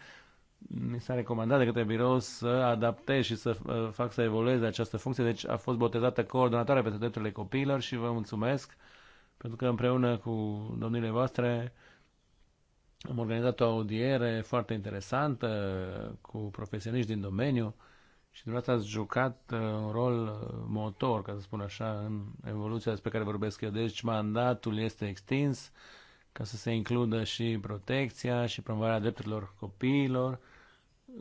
mi s-a recomandat de către birou să adaptez și să uh, fac să evolueze această funcție, deci a fost botezată coordonatoare pentru drepturile copiilor și vă mulțumesc pentru că împreună cu domnile voastre am organizat o audiere foarte interesantă cu profesioniști din domeniu și dumneavoastră ați jucat uh, un rol uh, motor, ca să spun așa, în evoluția despre care vorbesc eu. Deci mandatul este extins ca să se includă și protecția și promovarea drepturilor copiilor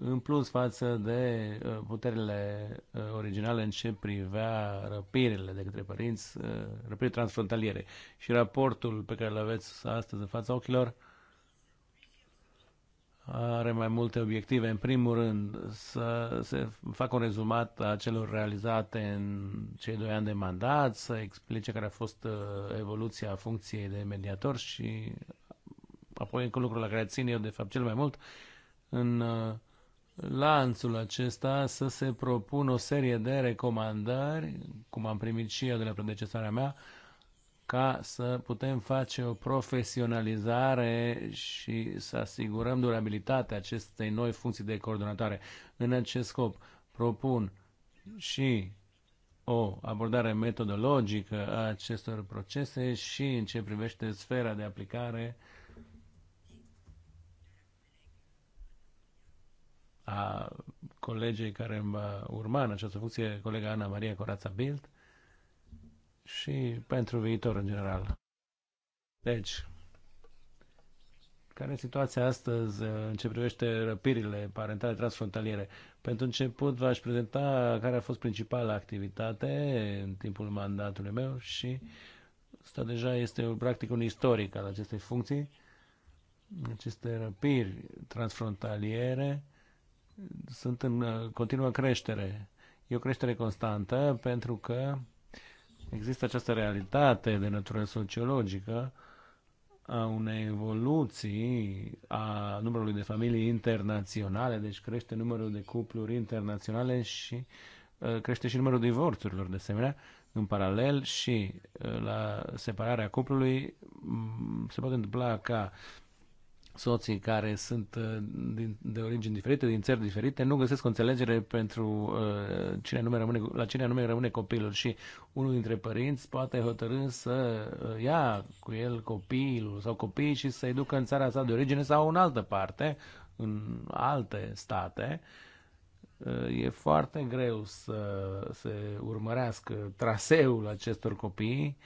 în plus față de uh, puterile uh, originale în ce privea răpirile de către părinți, uh, răpiri transfrontaliere. Și raportul pe care îl aveți astăzi în fața ochilor are mai multe obiective. În primul rând, să se facă un rezumat a celor realizate în cei doi ani de mandat, să explice care a fost evoluția funcției de mediator și apoi încă lucrul la care țin eu de fapt cel mai mult, în lanțul acesta să se propună o serie de recomandări, cum am primit și eu de la predecesoarea mea, ca să putem face o profesionalizare și să asigurăm durabilitatea acestei noi funcții de coordonatoare. În acest scop propun și o abordare metodologică a acestor procese și în ce privește sfera de aplicare uh, a colegei care îmi urma în această funcție, colega Ana Maria Corața Bild, și pentru viitor în general. Deci, care e situația astăzi uh, în ce privește răpirile parentale transfrontaliere? Pentru început v-aș prezenta care a fost principala activitate în timpul mandatului meu și asta deja este practic un istoric al acestei funcții, aceste răpiri transfrontaliere, sunt în uh, continuă creștere. E o creștere constantă pentru că există această realitate de natură sociologică a unei evoluții a numărului de familii internaționale, deci crește numărul de cupluri internaționale și uh, crește și numărul divorțurilor, de asemenea, în paralel și uh, la separarea cuplului se poate întâmpla ca soții care sunt uh, din, de origini diferite, din țări diferite, nu găsesc o înțelegere pentru uh, cine anume rămâne, la cine anume rămâne copilul și unul dintre părinți poate hotărâ să uh, ia cu el copilul sau copiii și să-i ducă în țara sa de origine sau în altă parte, în alte state. Uh, e foarte greu să se urmărească traseul acestor copii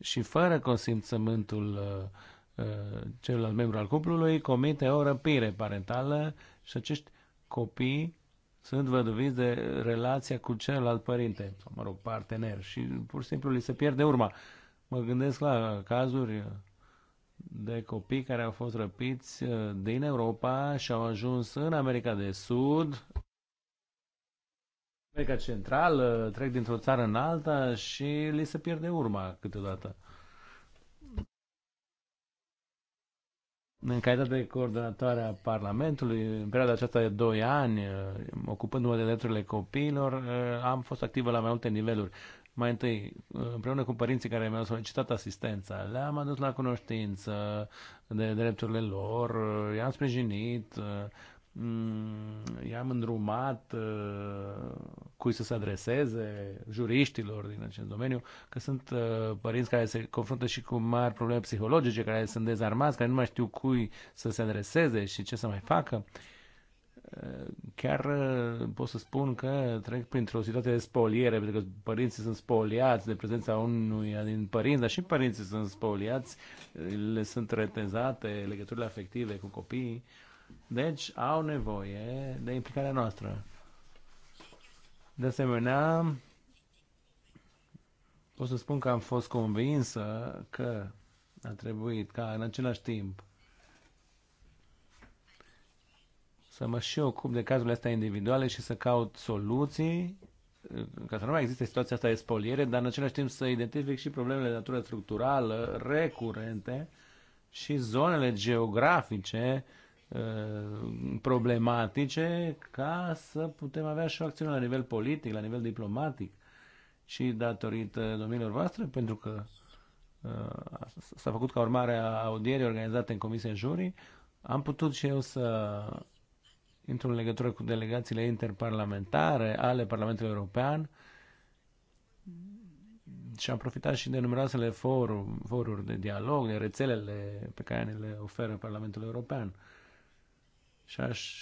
și fără consimțământul uh, Uh, celălalt membru al cuplului comite o răpire parentală și acești copii sunt văduviți de relația cu celălalt părinte, sau mă rog, partener și pur și simplu li se pierde urma. Mă gândesc la cazuri de copii care au fost răpiți uh, din Europa și au ajuns în America de Sud, America Centrală, trec dintr-o țară în alta și li se pierde urma câteodată. În calitate de coordonatoare a Parlamentului, în perioada aceasta de 2 ani, uh, ocupându-mă de drepturile copiilor, uh, am fost activă la mai multe niveluri. Mai întâi, uh, împreună cu părinții care mi-au solicitat asistența, le-am adus la cunoștință de drepturile lor, i-am sprijinit, Mm, i-am îndrumat uh, cui să se adreseze, juriștilor din acest domeniu, că sunt uh, părinți care se confruntă și cu mari probleme psihologice, care sunt dezarmați, care nu mai știu cui să se adreseze și ce să mai facă. Uh, chiar pot să spun că trec printr-o situație de spoliere, pentru că părinții sunt spoliați de prezența unuia din părinți, dar și părinții sunt spoliați, le sunt retezate legăturile afective cu copiii deci au nevoie de implicarea noastră. De asemenea, pot să spun că am fost convinsă că a trebuit ca în același timp să mă și ocup de cazurile astea individuale și să caut soluții ca să nu mai existe situația asta de spoliere, dar în același timp să identific și problemele de natură structurală recurente și zonele geografice Uh, problematice ca să putem avea și o acțiune la nivel politic, la nivel diplomatic și datorită domnilor voastre, pentru că uh, s-a făcut ca urmare a audierii organizate în comisie în Jurii, am putut și eu să intru în legătură cu delegațiile interparlamentare ale Parlamentului European și am profitat și de numeroasele forum, foruri de dialog, de rețelele pe care ne le oferă Parlamentul European. Și aș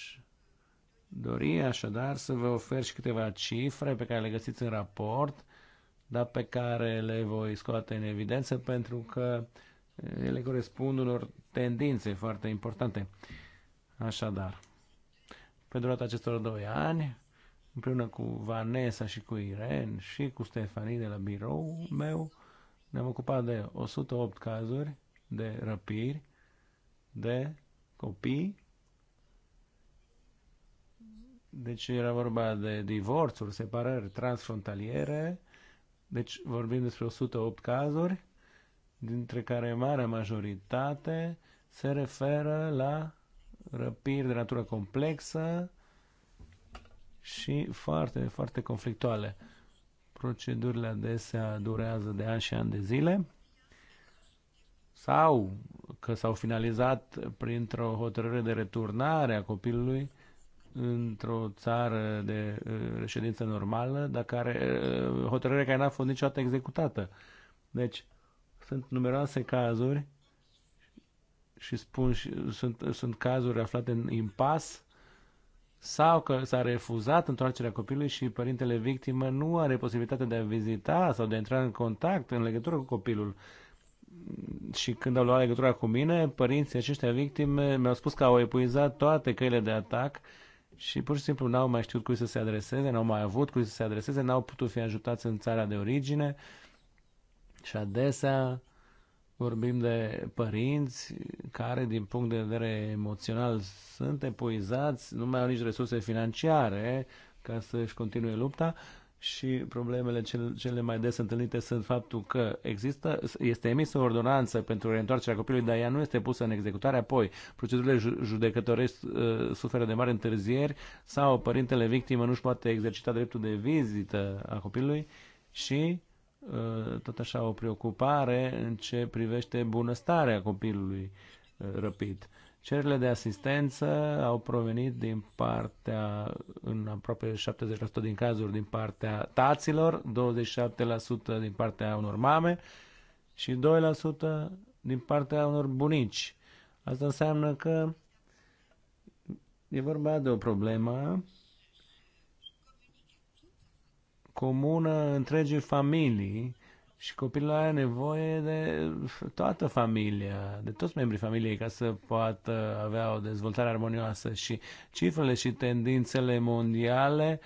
dori așadar să vă ofer și câteva cifre pe care le găsiți în raport, dar pe care le voi scoate în evidență pentru că eh, ele corespund unor tendințe foarte importante. Așadar, pe durata acestor doi ani, împreună cu Vanessa și cu Irene și cu Stefanie de la birou meu, ne-am ocupat de 108 cazuri de răpiri de copii deci era vorba de divorțuri, separări transfrontaliere. Deci vorbim despre 108 cazuri, dintre care marea majoritate se referă la răpiri de natură complexă și foarte, foarte conflictuale. Procedurile adesea durează de ani și ani de zile sau că s-au finalizat printr-o hotărâre de returnare a copilului într-o țară de uh, reședință normală, dar care, uh, hotărârea care n-a fost niciodată executată. Deci, sunt numeroase cazuri și spun și, sunt, sunt cazuri aflate în impas sau că s-a refuzat întoarcerea copilului și părintele victimă nu are posibilitatea de a vizita sau de a intra în contact în legătură cu copilul. Și când au luat legătura cu mine, părinții aceștia victime mi-au spus că au epuizat toate căile de atac și pur și simplu n-au mai știut cui să se adreseze, n-au mai avut cui să se adreseze, n-au putut fi ajutați în țara de origine și adesea vorbim de părinți care, din punct de vedere emoțional, sunt epuizați, nu mai au nici resurse financiare ca să-și continue lupta și problemele cele mai des întâlnite sunt faptul că există, este emisă o ordonanță pentru reîntoarcerea copilului, dar ea nu este pusă în executare. Apoi, procedurile judecătorești uh, suferă de mari întârzieri sau părintele victimă nu-și poate exercita dreptul de vizită a copilului și uh, tot așa o preocupare în ce privește bunăstarea copilului uh, răpit. Uh, Cererile de asistență au provenit din partea, în aproape 70% din cazuri, din partea taților, 27% din partea unor mame și 2% din partea unor bunici. Asta înseamnă că e vorba de o problemă comună întregii familii și copilul are nevoie de toată familia, de toți membrii familiei ca să poată avea o dezvoltare armonioasă și cifrele și tendințele mondiale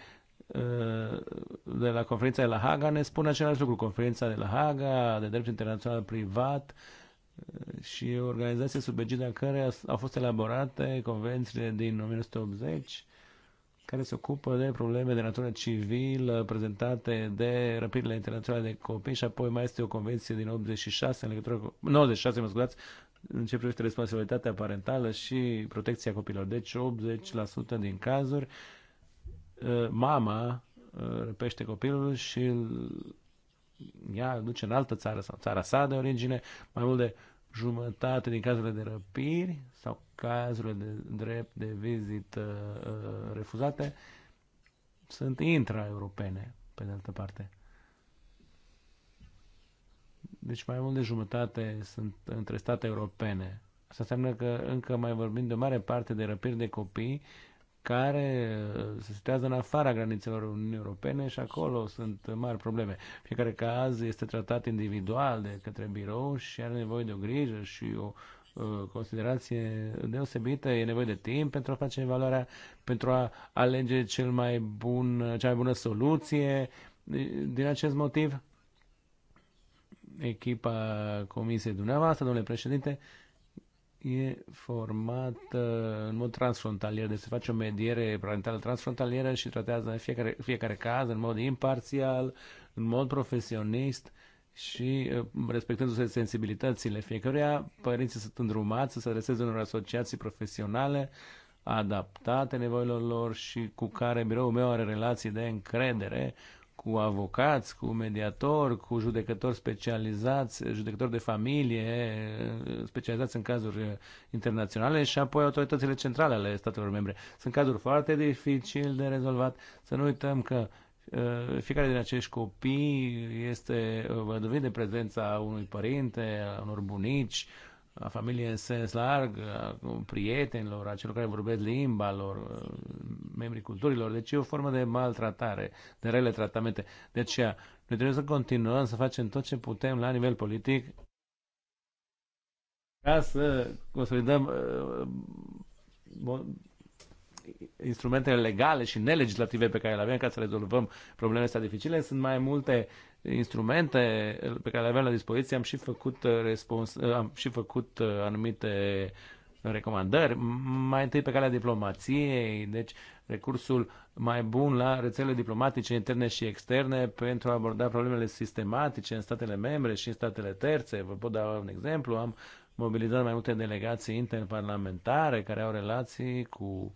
uh, de la conferința de la Haga ne spun același lucru. Conferința de la Haga, de drept internațional privat uh, și organizația sub egida care au fost elaborate convențiile din 1980 care se ocupă de probleme de natură civilă prezentate de răpirile internaționale de copii și apoi mai este o convenție din 86 în legătură cu 96, mă scuzați, în ce privește responsabilitatea parentală și protecția copilor. Deci 80% din cazuri uh, mama uh, răpește copilul și îl ia, îl duce în altă țară sau țara sa de origine, mai mult de jumătate din cazurile de răpiri sau cazurile de drept de vizită uh, refuzate sunt intra-europene, pe de altă parte. Deci mai mult de jumătate sunt între state europene. Asta înseamnă că încă mai vorbim de o mare parte de răpiri de copii care uh, se situează în afara granițelor Uniunii Europene și acolo sunt mari probleme. Fiecare caz este tratat individual de către birou și are nevoie de o grijă și o Uh, considerație deosebită, e nevoie de timp pentru a face evaluarea, pentru a alege cel mai bun, cea mai bună soluție. Din acest motiv, echipa comisiei dumneavoastră, domnule președinte, e formată în mod transfrontalier, deci se face o mediere parentală transfrontalieră și tratează fiecare, fiecare caz în mod imparțial, în mod profesionist și uh, respectându-se sensibilitățile fiecăruia, părinții sunt îndrumați să se adreseze unor asociații profesionale adaptate nevoilor lor și cu care biroul meu are relații de încredere cu avocați, cu mediatori, cu judecători specializați, judecători de familie, uh, specializați în cazuri uh, internaționale și apoi autoritățile centrale ale statelor membre. Sunt cazuri foarte dificil de rezolvat. Să nu uităm că Eh, fiecare din acești copii este eh, văduvit de prezența unui părinte, a unor bunici, a familiei în sens larg, a prietenilor, a celor care vorbesc limba lor, eh, membrii culturilor. Deci e o formă de maltratare, de rele tratamente. De aceea, noi trebuie să continuăm să facem tot ce putem la nivel politic ca să consolidăm instrumentele legale și nelegislative pe care le avem ca să rezolvăm problemele astea dificile. Sunt mai multe instrumente pe care le avem la dispoziție. Am și făcut, uh, respons, uh, am și făcut uh, anumite recomandări, mai întâi pe calea diplomației, deci recursul mai bun la rețelele diplomatice interne și externe pentru a aborda problemele sistematice în statele membre și în statele terțe. Vă pot da un exemplu, am mobilizat mai multe delegații interparlamentare care au relații cu uh,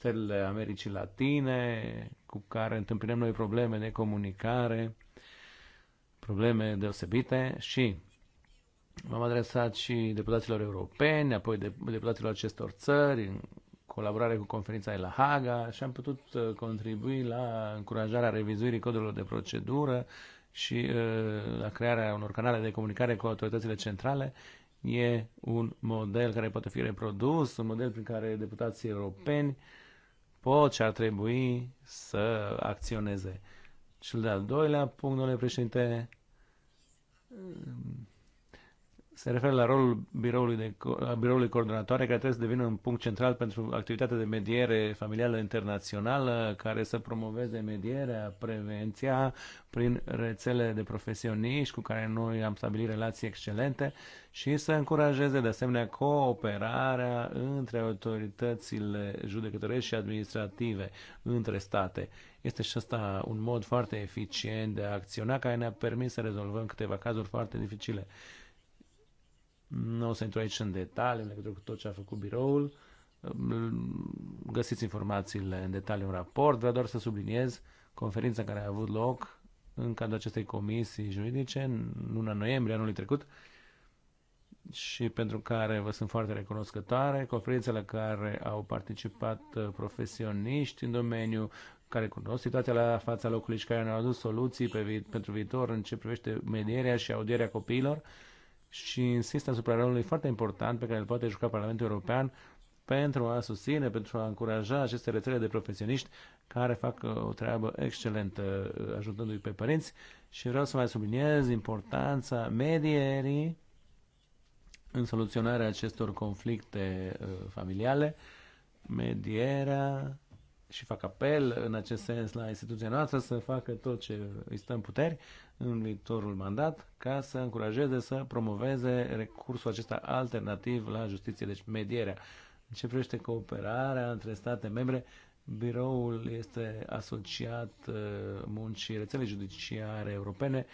țările Americii Latine, cu care întâmpinăm noi probleme de comunicare, probleme deosebite și m-am adresat și deputaților europeni, apoi deputaților acestor țări, în colaborare cu conferința la Haga și am putut uh, contribui la încurajarea revizuirii codurilor de procedură și uh, la crearea unor canale de comunicare cu autoritățile centrale e un model care poate fi reprodus, un model prin care deputații europeni pot și ar trebui să acționeze. Cel de-al doilea punct, domnule președinte, se referă la rolul biroului, de, la biroului coordonatoare care trebuie să devină un punct central pentru activitatea de mediere familială internațională care să promoveze medierea, prevenția prin rețele de profesioniști cu care noi am stabilit relații excelente și să încurajeze de asemenea cooperarea între autoritățile judecătorești și administrative între state. Este și asta un mod foarte eficient de a acționa care ne-a permis să rezolvăm câteva cazuri foarte dificile. Nu o să intru aici în detalii în legătură cu tot ce a făcut biroul. Găsiți informațiile în detaliu în raport. Vreau doar să subliniez conferința care a avut loc în cadrul acestei comisii juridice în luna noiembrie anului trecut și pentru care vă sunt foarte recunoscătoare, conferințele la care au participat uh, profesioniști în domeniu care cunosc situația la fața locului și care ne-au adus soluții pe vi- pentru viitor în ce privește medierea și audierea copiilor. Uh, și insist asupra rolului foarte important pe care îl poate juca Parlamentul European pentru a susține, pentru a încuraja aceste rețele de profesioniști care fac uh, o treabă excelentă uh, ajutându-i pe părinți și vreau să mai subliniez importanța medierii în soluționarea acestor conflicte uh, familiale, medierea și fac apel în acest sens la instituția noastră să facă tot ce îi stă în puteri în viitorul mandat ca să încurajeze să promoveze recursul acesta alternativ la justiție, deci medierea. În ce privește cooperarea între state membre, biroul este asociat uh, muncii rețelei judiciare europene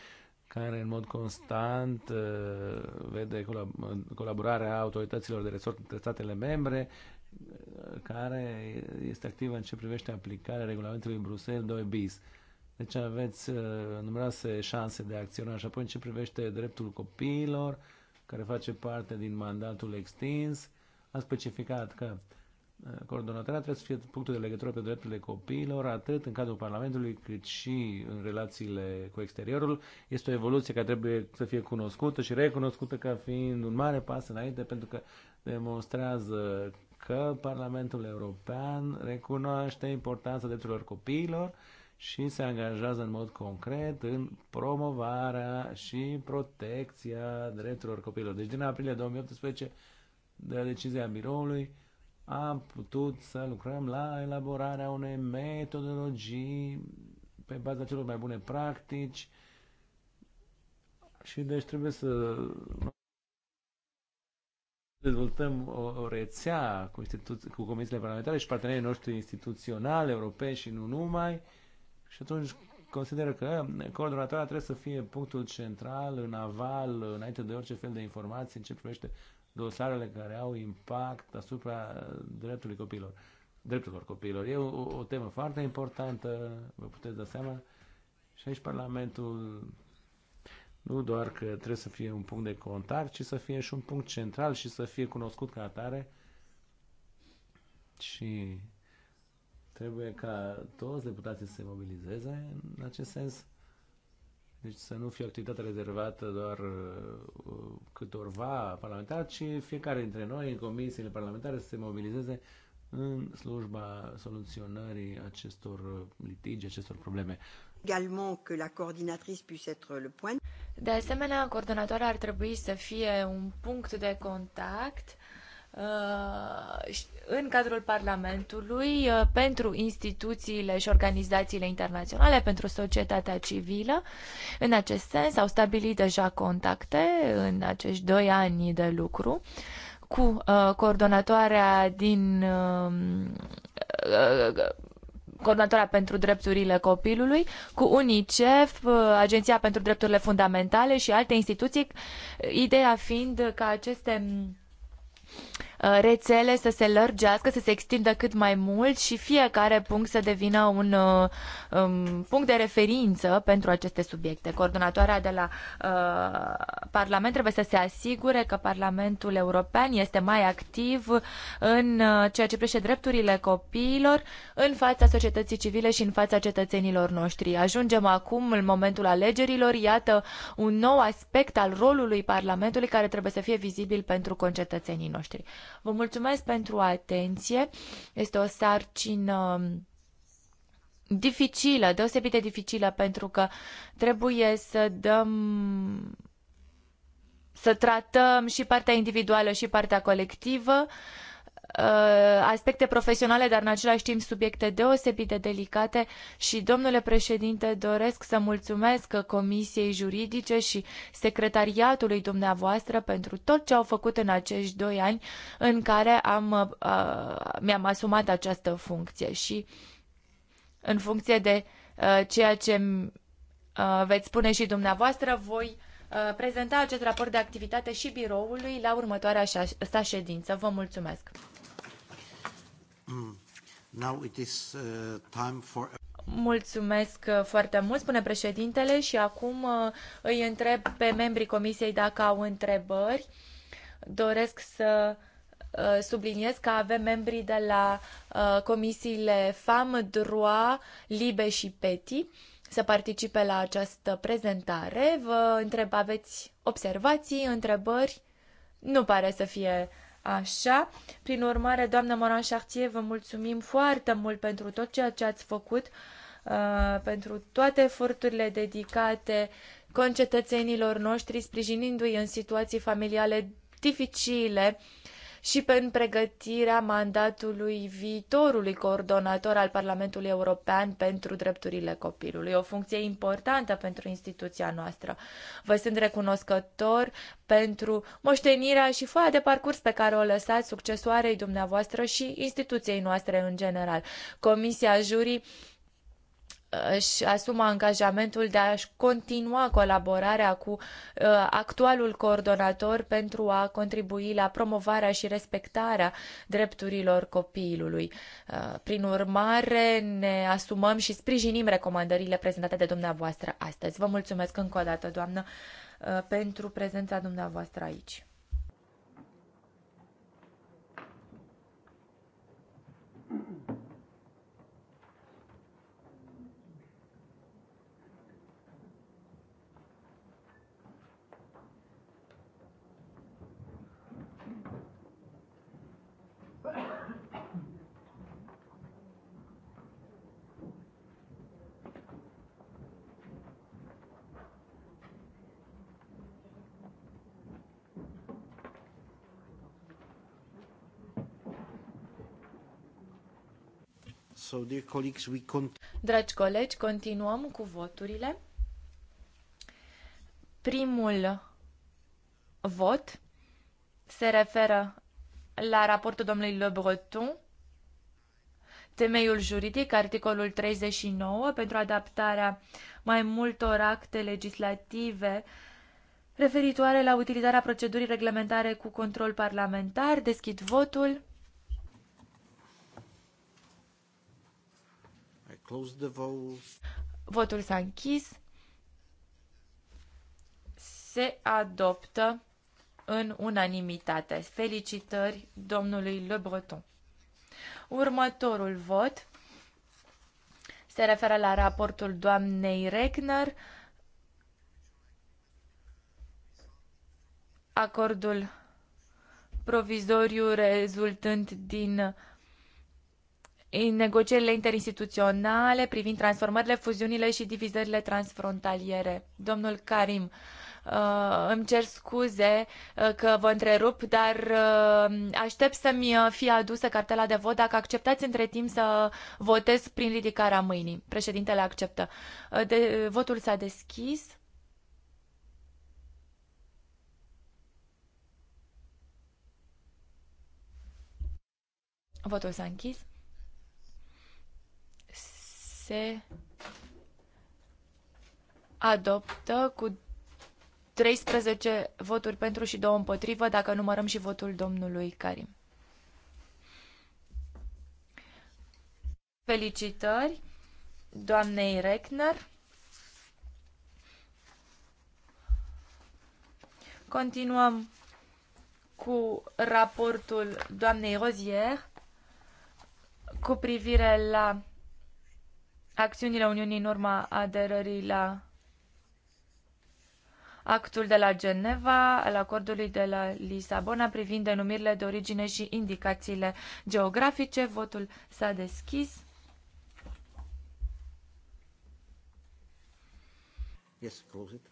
care în mod constant uh, vede colaborarea autorităților de resort între statele membre care este activă în ce privește aplicarea regulamentului Bruxelles 2 bis. Deci aveți uh, numeroase șanse de acționa și apoi în ce privește dreptul copiilor, care face parte din mandatul extins, a specificat că uh, coordonatarea trebuie să fie punctul de legătură pe drepturile copiilor, atât în cadrul Parlamentului, cât și în relațiile cu exteriorul. Este o evoluție care trebuie să fie cunoscută și recunoscută ca fiind un mare pas înainte, pentru că demonstrează că Parlamentul European recunoaște importanța drepturilor copiilor și se angajează în mod concret în promovarea și protecția drepturilor copiilor. Deci din aprilie 2018, de la decizia biroului, am putut să lucrăm la elaborarea unei metodologii pe baza celor mai bune practici și deci trebuie să dezvoltăm o, o rețea cu, cu comisiile parlamentare și partenerii noștri instituționali, europeni și nu numai. Și atunci consideră că coordonatoarea trebuie să fie punctul central, în aval, înainte de orice fel de informații în ce privește dosarele care au impact asupra dreptului copilor, drepturilor copiilor. E o, o temă foarte importantă, vă puteți da seama, și aici Parlamentul nu doar că trebuie să fie un punct de contact, ci să fie și un punct central și să fie cunoscut ca atare. Și trebuie ca toți deputații să se mobilizeze în acest sens. Deci să nu fie o activitate rezervată doar uh, câtorva parlamentar, ci fiecare dintre noi în comisiile parlamentare să se mobilizeze în slujba soluționării acestor uh, litigi, acestor probleme également que la coordinatrice puisse être le point. De asemenea, coordonatoarea ar trebui să fie un punct de contact uh, în cadrul Parlamentului uh, pentru instituțiile și organizațiile internaționale, pentru societatea civilă. În acest sens, au stabilit deja contacte în acești doi ani de lucru cu uh, coordonatoarea din coordonatoarea pentru drepturile copilului, cu UNICEF, uh, Agenția pentru Drepturile Fundamentale și alte instituții, ideea fiind ca aceste Uh, rețele să se lărgească, să se extindă cât mai mult și fiecare punct să devină un uh, um, punct de referință pentru aceste subiecte. Coordonatoarea de la uh, Parlament trebuie să se asigure că Parlamentul European este mai activ în uh, ceea ce privește drepturile copiilor în fața societății civile și în fața cetățenilor noștri. Ajungem acum în momentul alegerilor, iată un nou aspect al rolului Parlamentului care trebuie să fie vizibil pentru concetățenii noștri. Vă mulțumesc pentru atenție. Este o sarcină dificilă, deosebit de dificilă, pentru că trebuie să dăm să tratăm și partea individuală și partea colectivă. Uh, aspecte profesionale, dar în același timp subiecte deosebit de delicate și, domnule președinte, doresc să mulțumesc Comisiei Juridice și secretariatului dumneavoastră pentru tot ce au făcut în acești doi ani în care am, uh, mi-am asumat această funcție și în funcție de uh, ceea ce veți spune și dumneavoastră, voi prezenta acest raport de activitate și biroului la următoarea sa ședință. Vă mulțumesc! Now it is uh, time for... Mulțumesc uh, foarte mult, spune președintele, și acum uh, îi întreb pe membrii comisiei dacă au întrebări. Doresc să subliniez că avem membrii de la comisiile FAM, DROA, LIBE și PETI să participe la această prezentare. Vă întreb, aveți observații, întrebări? Nu pare să fie așa. Prin urmare, doamnă Moran Chartier, vă mulțumim foarte mult pentru tot ceea ce ați făcut, uh, pentru toate eforturile dedicate concetățenilor noștri, sprijinindu-i în situații familiale dificile și în pregătirea mandatului viitorului coordonator al Parlamentului European pentru drepturile copilului, o funcție importantă pentru instituția noastră. Vă sunt recunoscător pentru moștenirea și foaia de parcurs pe care o lăsați succesoarei dumneavoastră și instituției noastre în general. Comisia Jurii își asumă angajamentul de a-și continua colaborarea cu uh, actualul coordonator pentru a contribui la promovarea și respectarea drepturilor copilului. Uh, prin urmare, ne asumăm și sprijinim recomandările prezentate de dumneavoastră astăzi. Vă mulțumesc încă o dată, doamnă, uh, pentru prezența dumneavoastră aici. So, dear colleagues, we Dragi colegi, continuăm cu voturile. Primul vot se referă la raportul domnului Le Breton, temeiul juridic, articolul 39, pentru adaptarea mai multor acte legislative referitoare la utilizarea procedurii reglementare cu control parlamentar. Deschid votul. Close the vote. Votul s-a închis. Se adoptă în unanimitate. Felicitări domnului Le Breton. Următorul vot se referă la raportul doamnei Regner, acordul provizoriu rezultând din în negocierile interinstituționale privind transformările, fuziunile și divizările transfrontaliere. Domnul Karim, uh, îmi cer scuze uh, că vă întrerup, dar uh, aștept să-mi fie adusă cartela de vot dacă acceptați între timp să votez prin ridicarea mâinii. Președintele acceptă. De, votul s-a deschis. Votul s-a închis se adoptă cu 13 voturi pentru și 2 împotrivă, dacă numărăm și votul domnului Karim. Felicitări doamnei Reckner. Continuăm cu raportul doamnei Rozier cu privire la acțiunile Uniunii în urma aderării la actul de la Geneva, al acordului de la Lisabona privind denumirile de origine și indicațiile geografice. Votul s-a deschis. Yes, close it.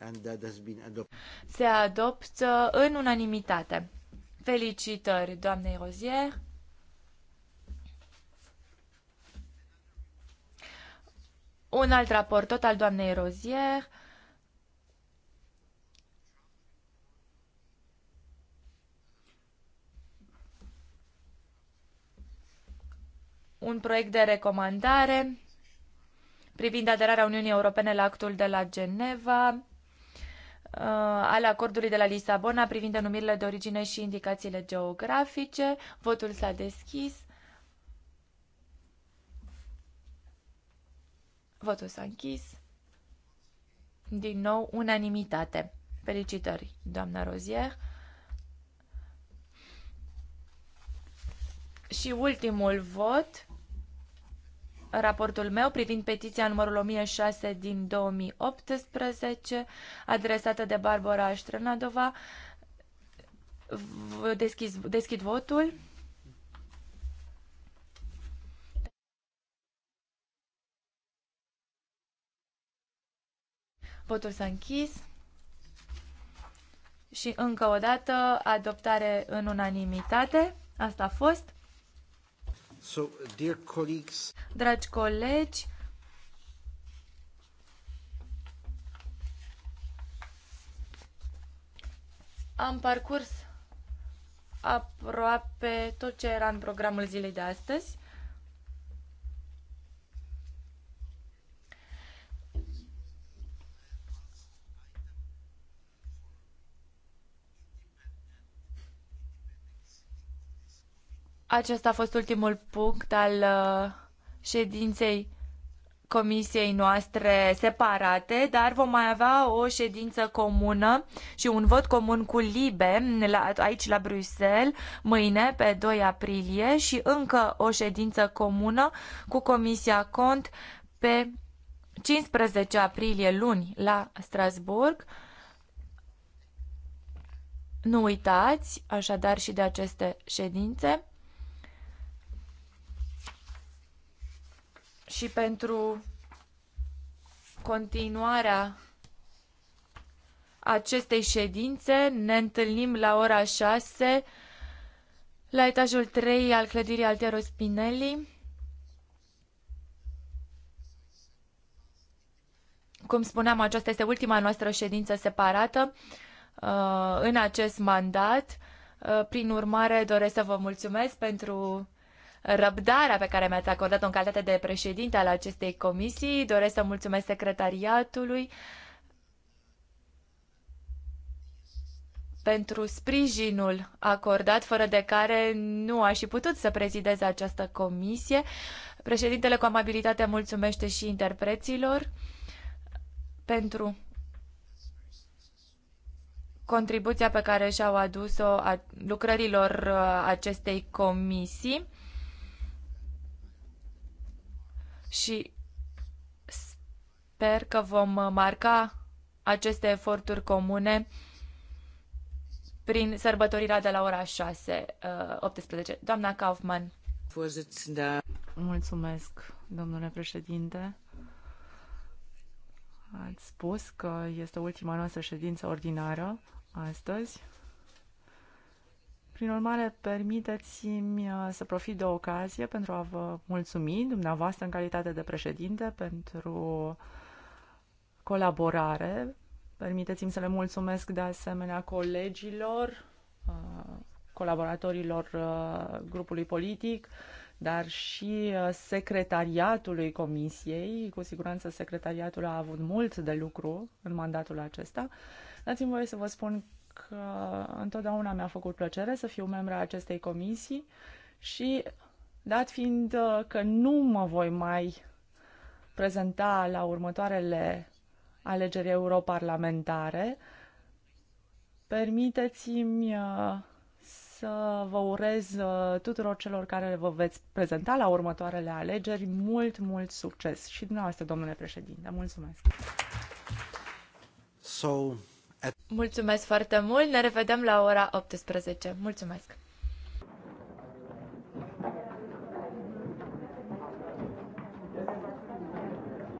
And that has been adopted. Se adoptă în unanimitate. Felicitări, doamnei Rozier. Un alt raport, tot al doamnei Rozier. Un proiect de recomandare privind aderarea Uniunii Europene la actul de la Geneva uh, al acordului de la Lisabona privind denumirile de origine și indicațiile geografice. Votul s-a deschis. Votul s-a închis. Din nou, unanimitate. Felicitări, doamna Rozier. Și ultimul vot, raportul meu privind petiția numărul 1006 din 2018, adresată de Barbara Ștrenadova. Deschid, deschid votul. Votul s-a închis. Și încă o dată, adoptare în unanimitate. Asta a fost. So, dear colleagues... Dragi colegi, am parcurs aproape tot ce era în programul zilei de astăzi. Acesta a fost ultimul punct al uh, ședinței comisiei noastre separate, dar vom mai avea o ședință comună și un vot comun cu Libe la, aici la Bruxelles mâine pe 2 aprilie și încă o ședință comună cu Comisia Cont pe 15 aprilie luni la Strasbourg. Nu uitați așadar și de aceste ședințe. și pentru continuarea acestei ședințe. Ne întâlnim la ora 6 la etajul 3 al clădirii Altero Spinelli. Cum spuneam, aceasta este ultima noastră ședință separată uh, în acest mandat. Uh, prin urmare, doresc să vă mulțumesc pentru răbdarea pe care mi-ați acordat-o în calitate de președinte al acestei comisii. Doresc să mulțumesc secretariatului pentru sprijinul acordat, fără de care nu aș fi putut să prezidez această comisie. Președintele cu amabilitate mulțumește și interpreților pentru contribuția pe care și-au adus-o lucrărilor uh, acestei comisii. și sper că vom uh, marca aceste eforturi comune prin sărbătorirea de la ora 6, 18. Uh, Doamna Kaufmann. Mulțumesc, domnule președinte. Ați spus că este ultima noastră ședință ordinară astăzi. Prin urmare, permiteți-mi uh, să profit de ocazie pentru a vă mulțumi dumneavoastră în calitate de președinte pentru colaborare. Permiteți-mi să le mulțumesc de asemenea colegilor, uh, colaboratorilor uh, grupului politic, dar și secretariatului comisiei. Cu siguranță secretariatul a avut mult de lucru în mandatul acesta. Dați-mi voie să vă spun că întotdeauna mi-a făcut plăcere să fiu membra acestei comisii și dat fiind uh, că nu mă voi mai prezenta la următoarele alegeri europarlamentare, permiteți-mi uh, să vă urez uh, tuturor celor care vă veți prezenta la următoarele alegeri mult, mult succes și dumneavoastră, domnule președinte. Mulțumesc! So, Mulțumesc foarte mult, ne revedem la ora 18. Mulțumesc!